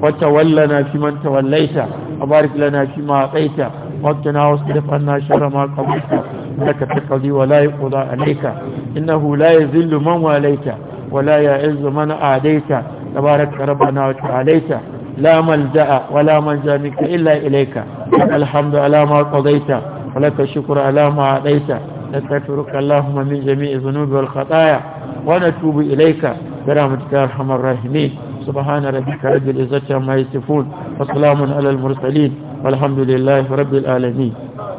وتولنا فيمن توليت وبارك لنا فيما أعطيت وقتنا واصرف عنا شر ما قضيت لك تقضي ولا يقضى عليك إنه لا يذل من وليك ولا يعز من أعديك تبارك ربنا وتعاليك لا ملجأ ولا منجا منك إلا إليك الحمد على ما قضيت ولك الشكر على ما عديت نستغفرك اللهم من جميع الذنوب والخطايا ونتوب إليك برحمتك يا أرحم الراحمين سبحان ربك رب العزة عما يصفون وسلام على المرسلين والحمد لله رب العالمين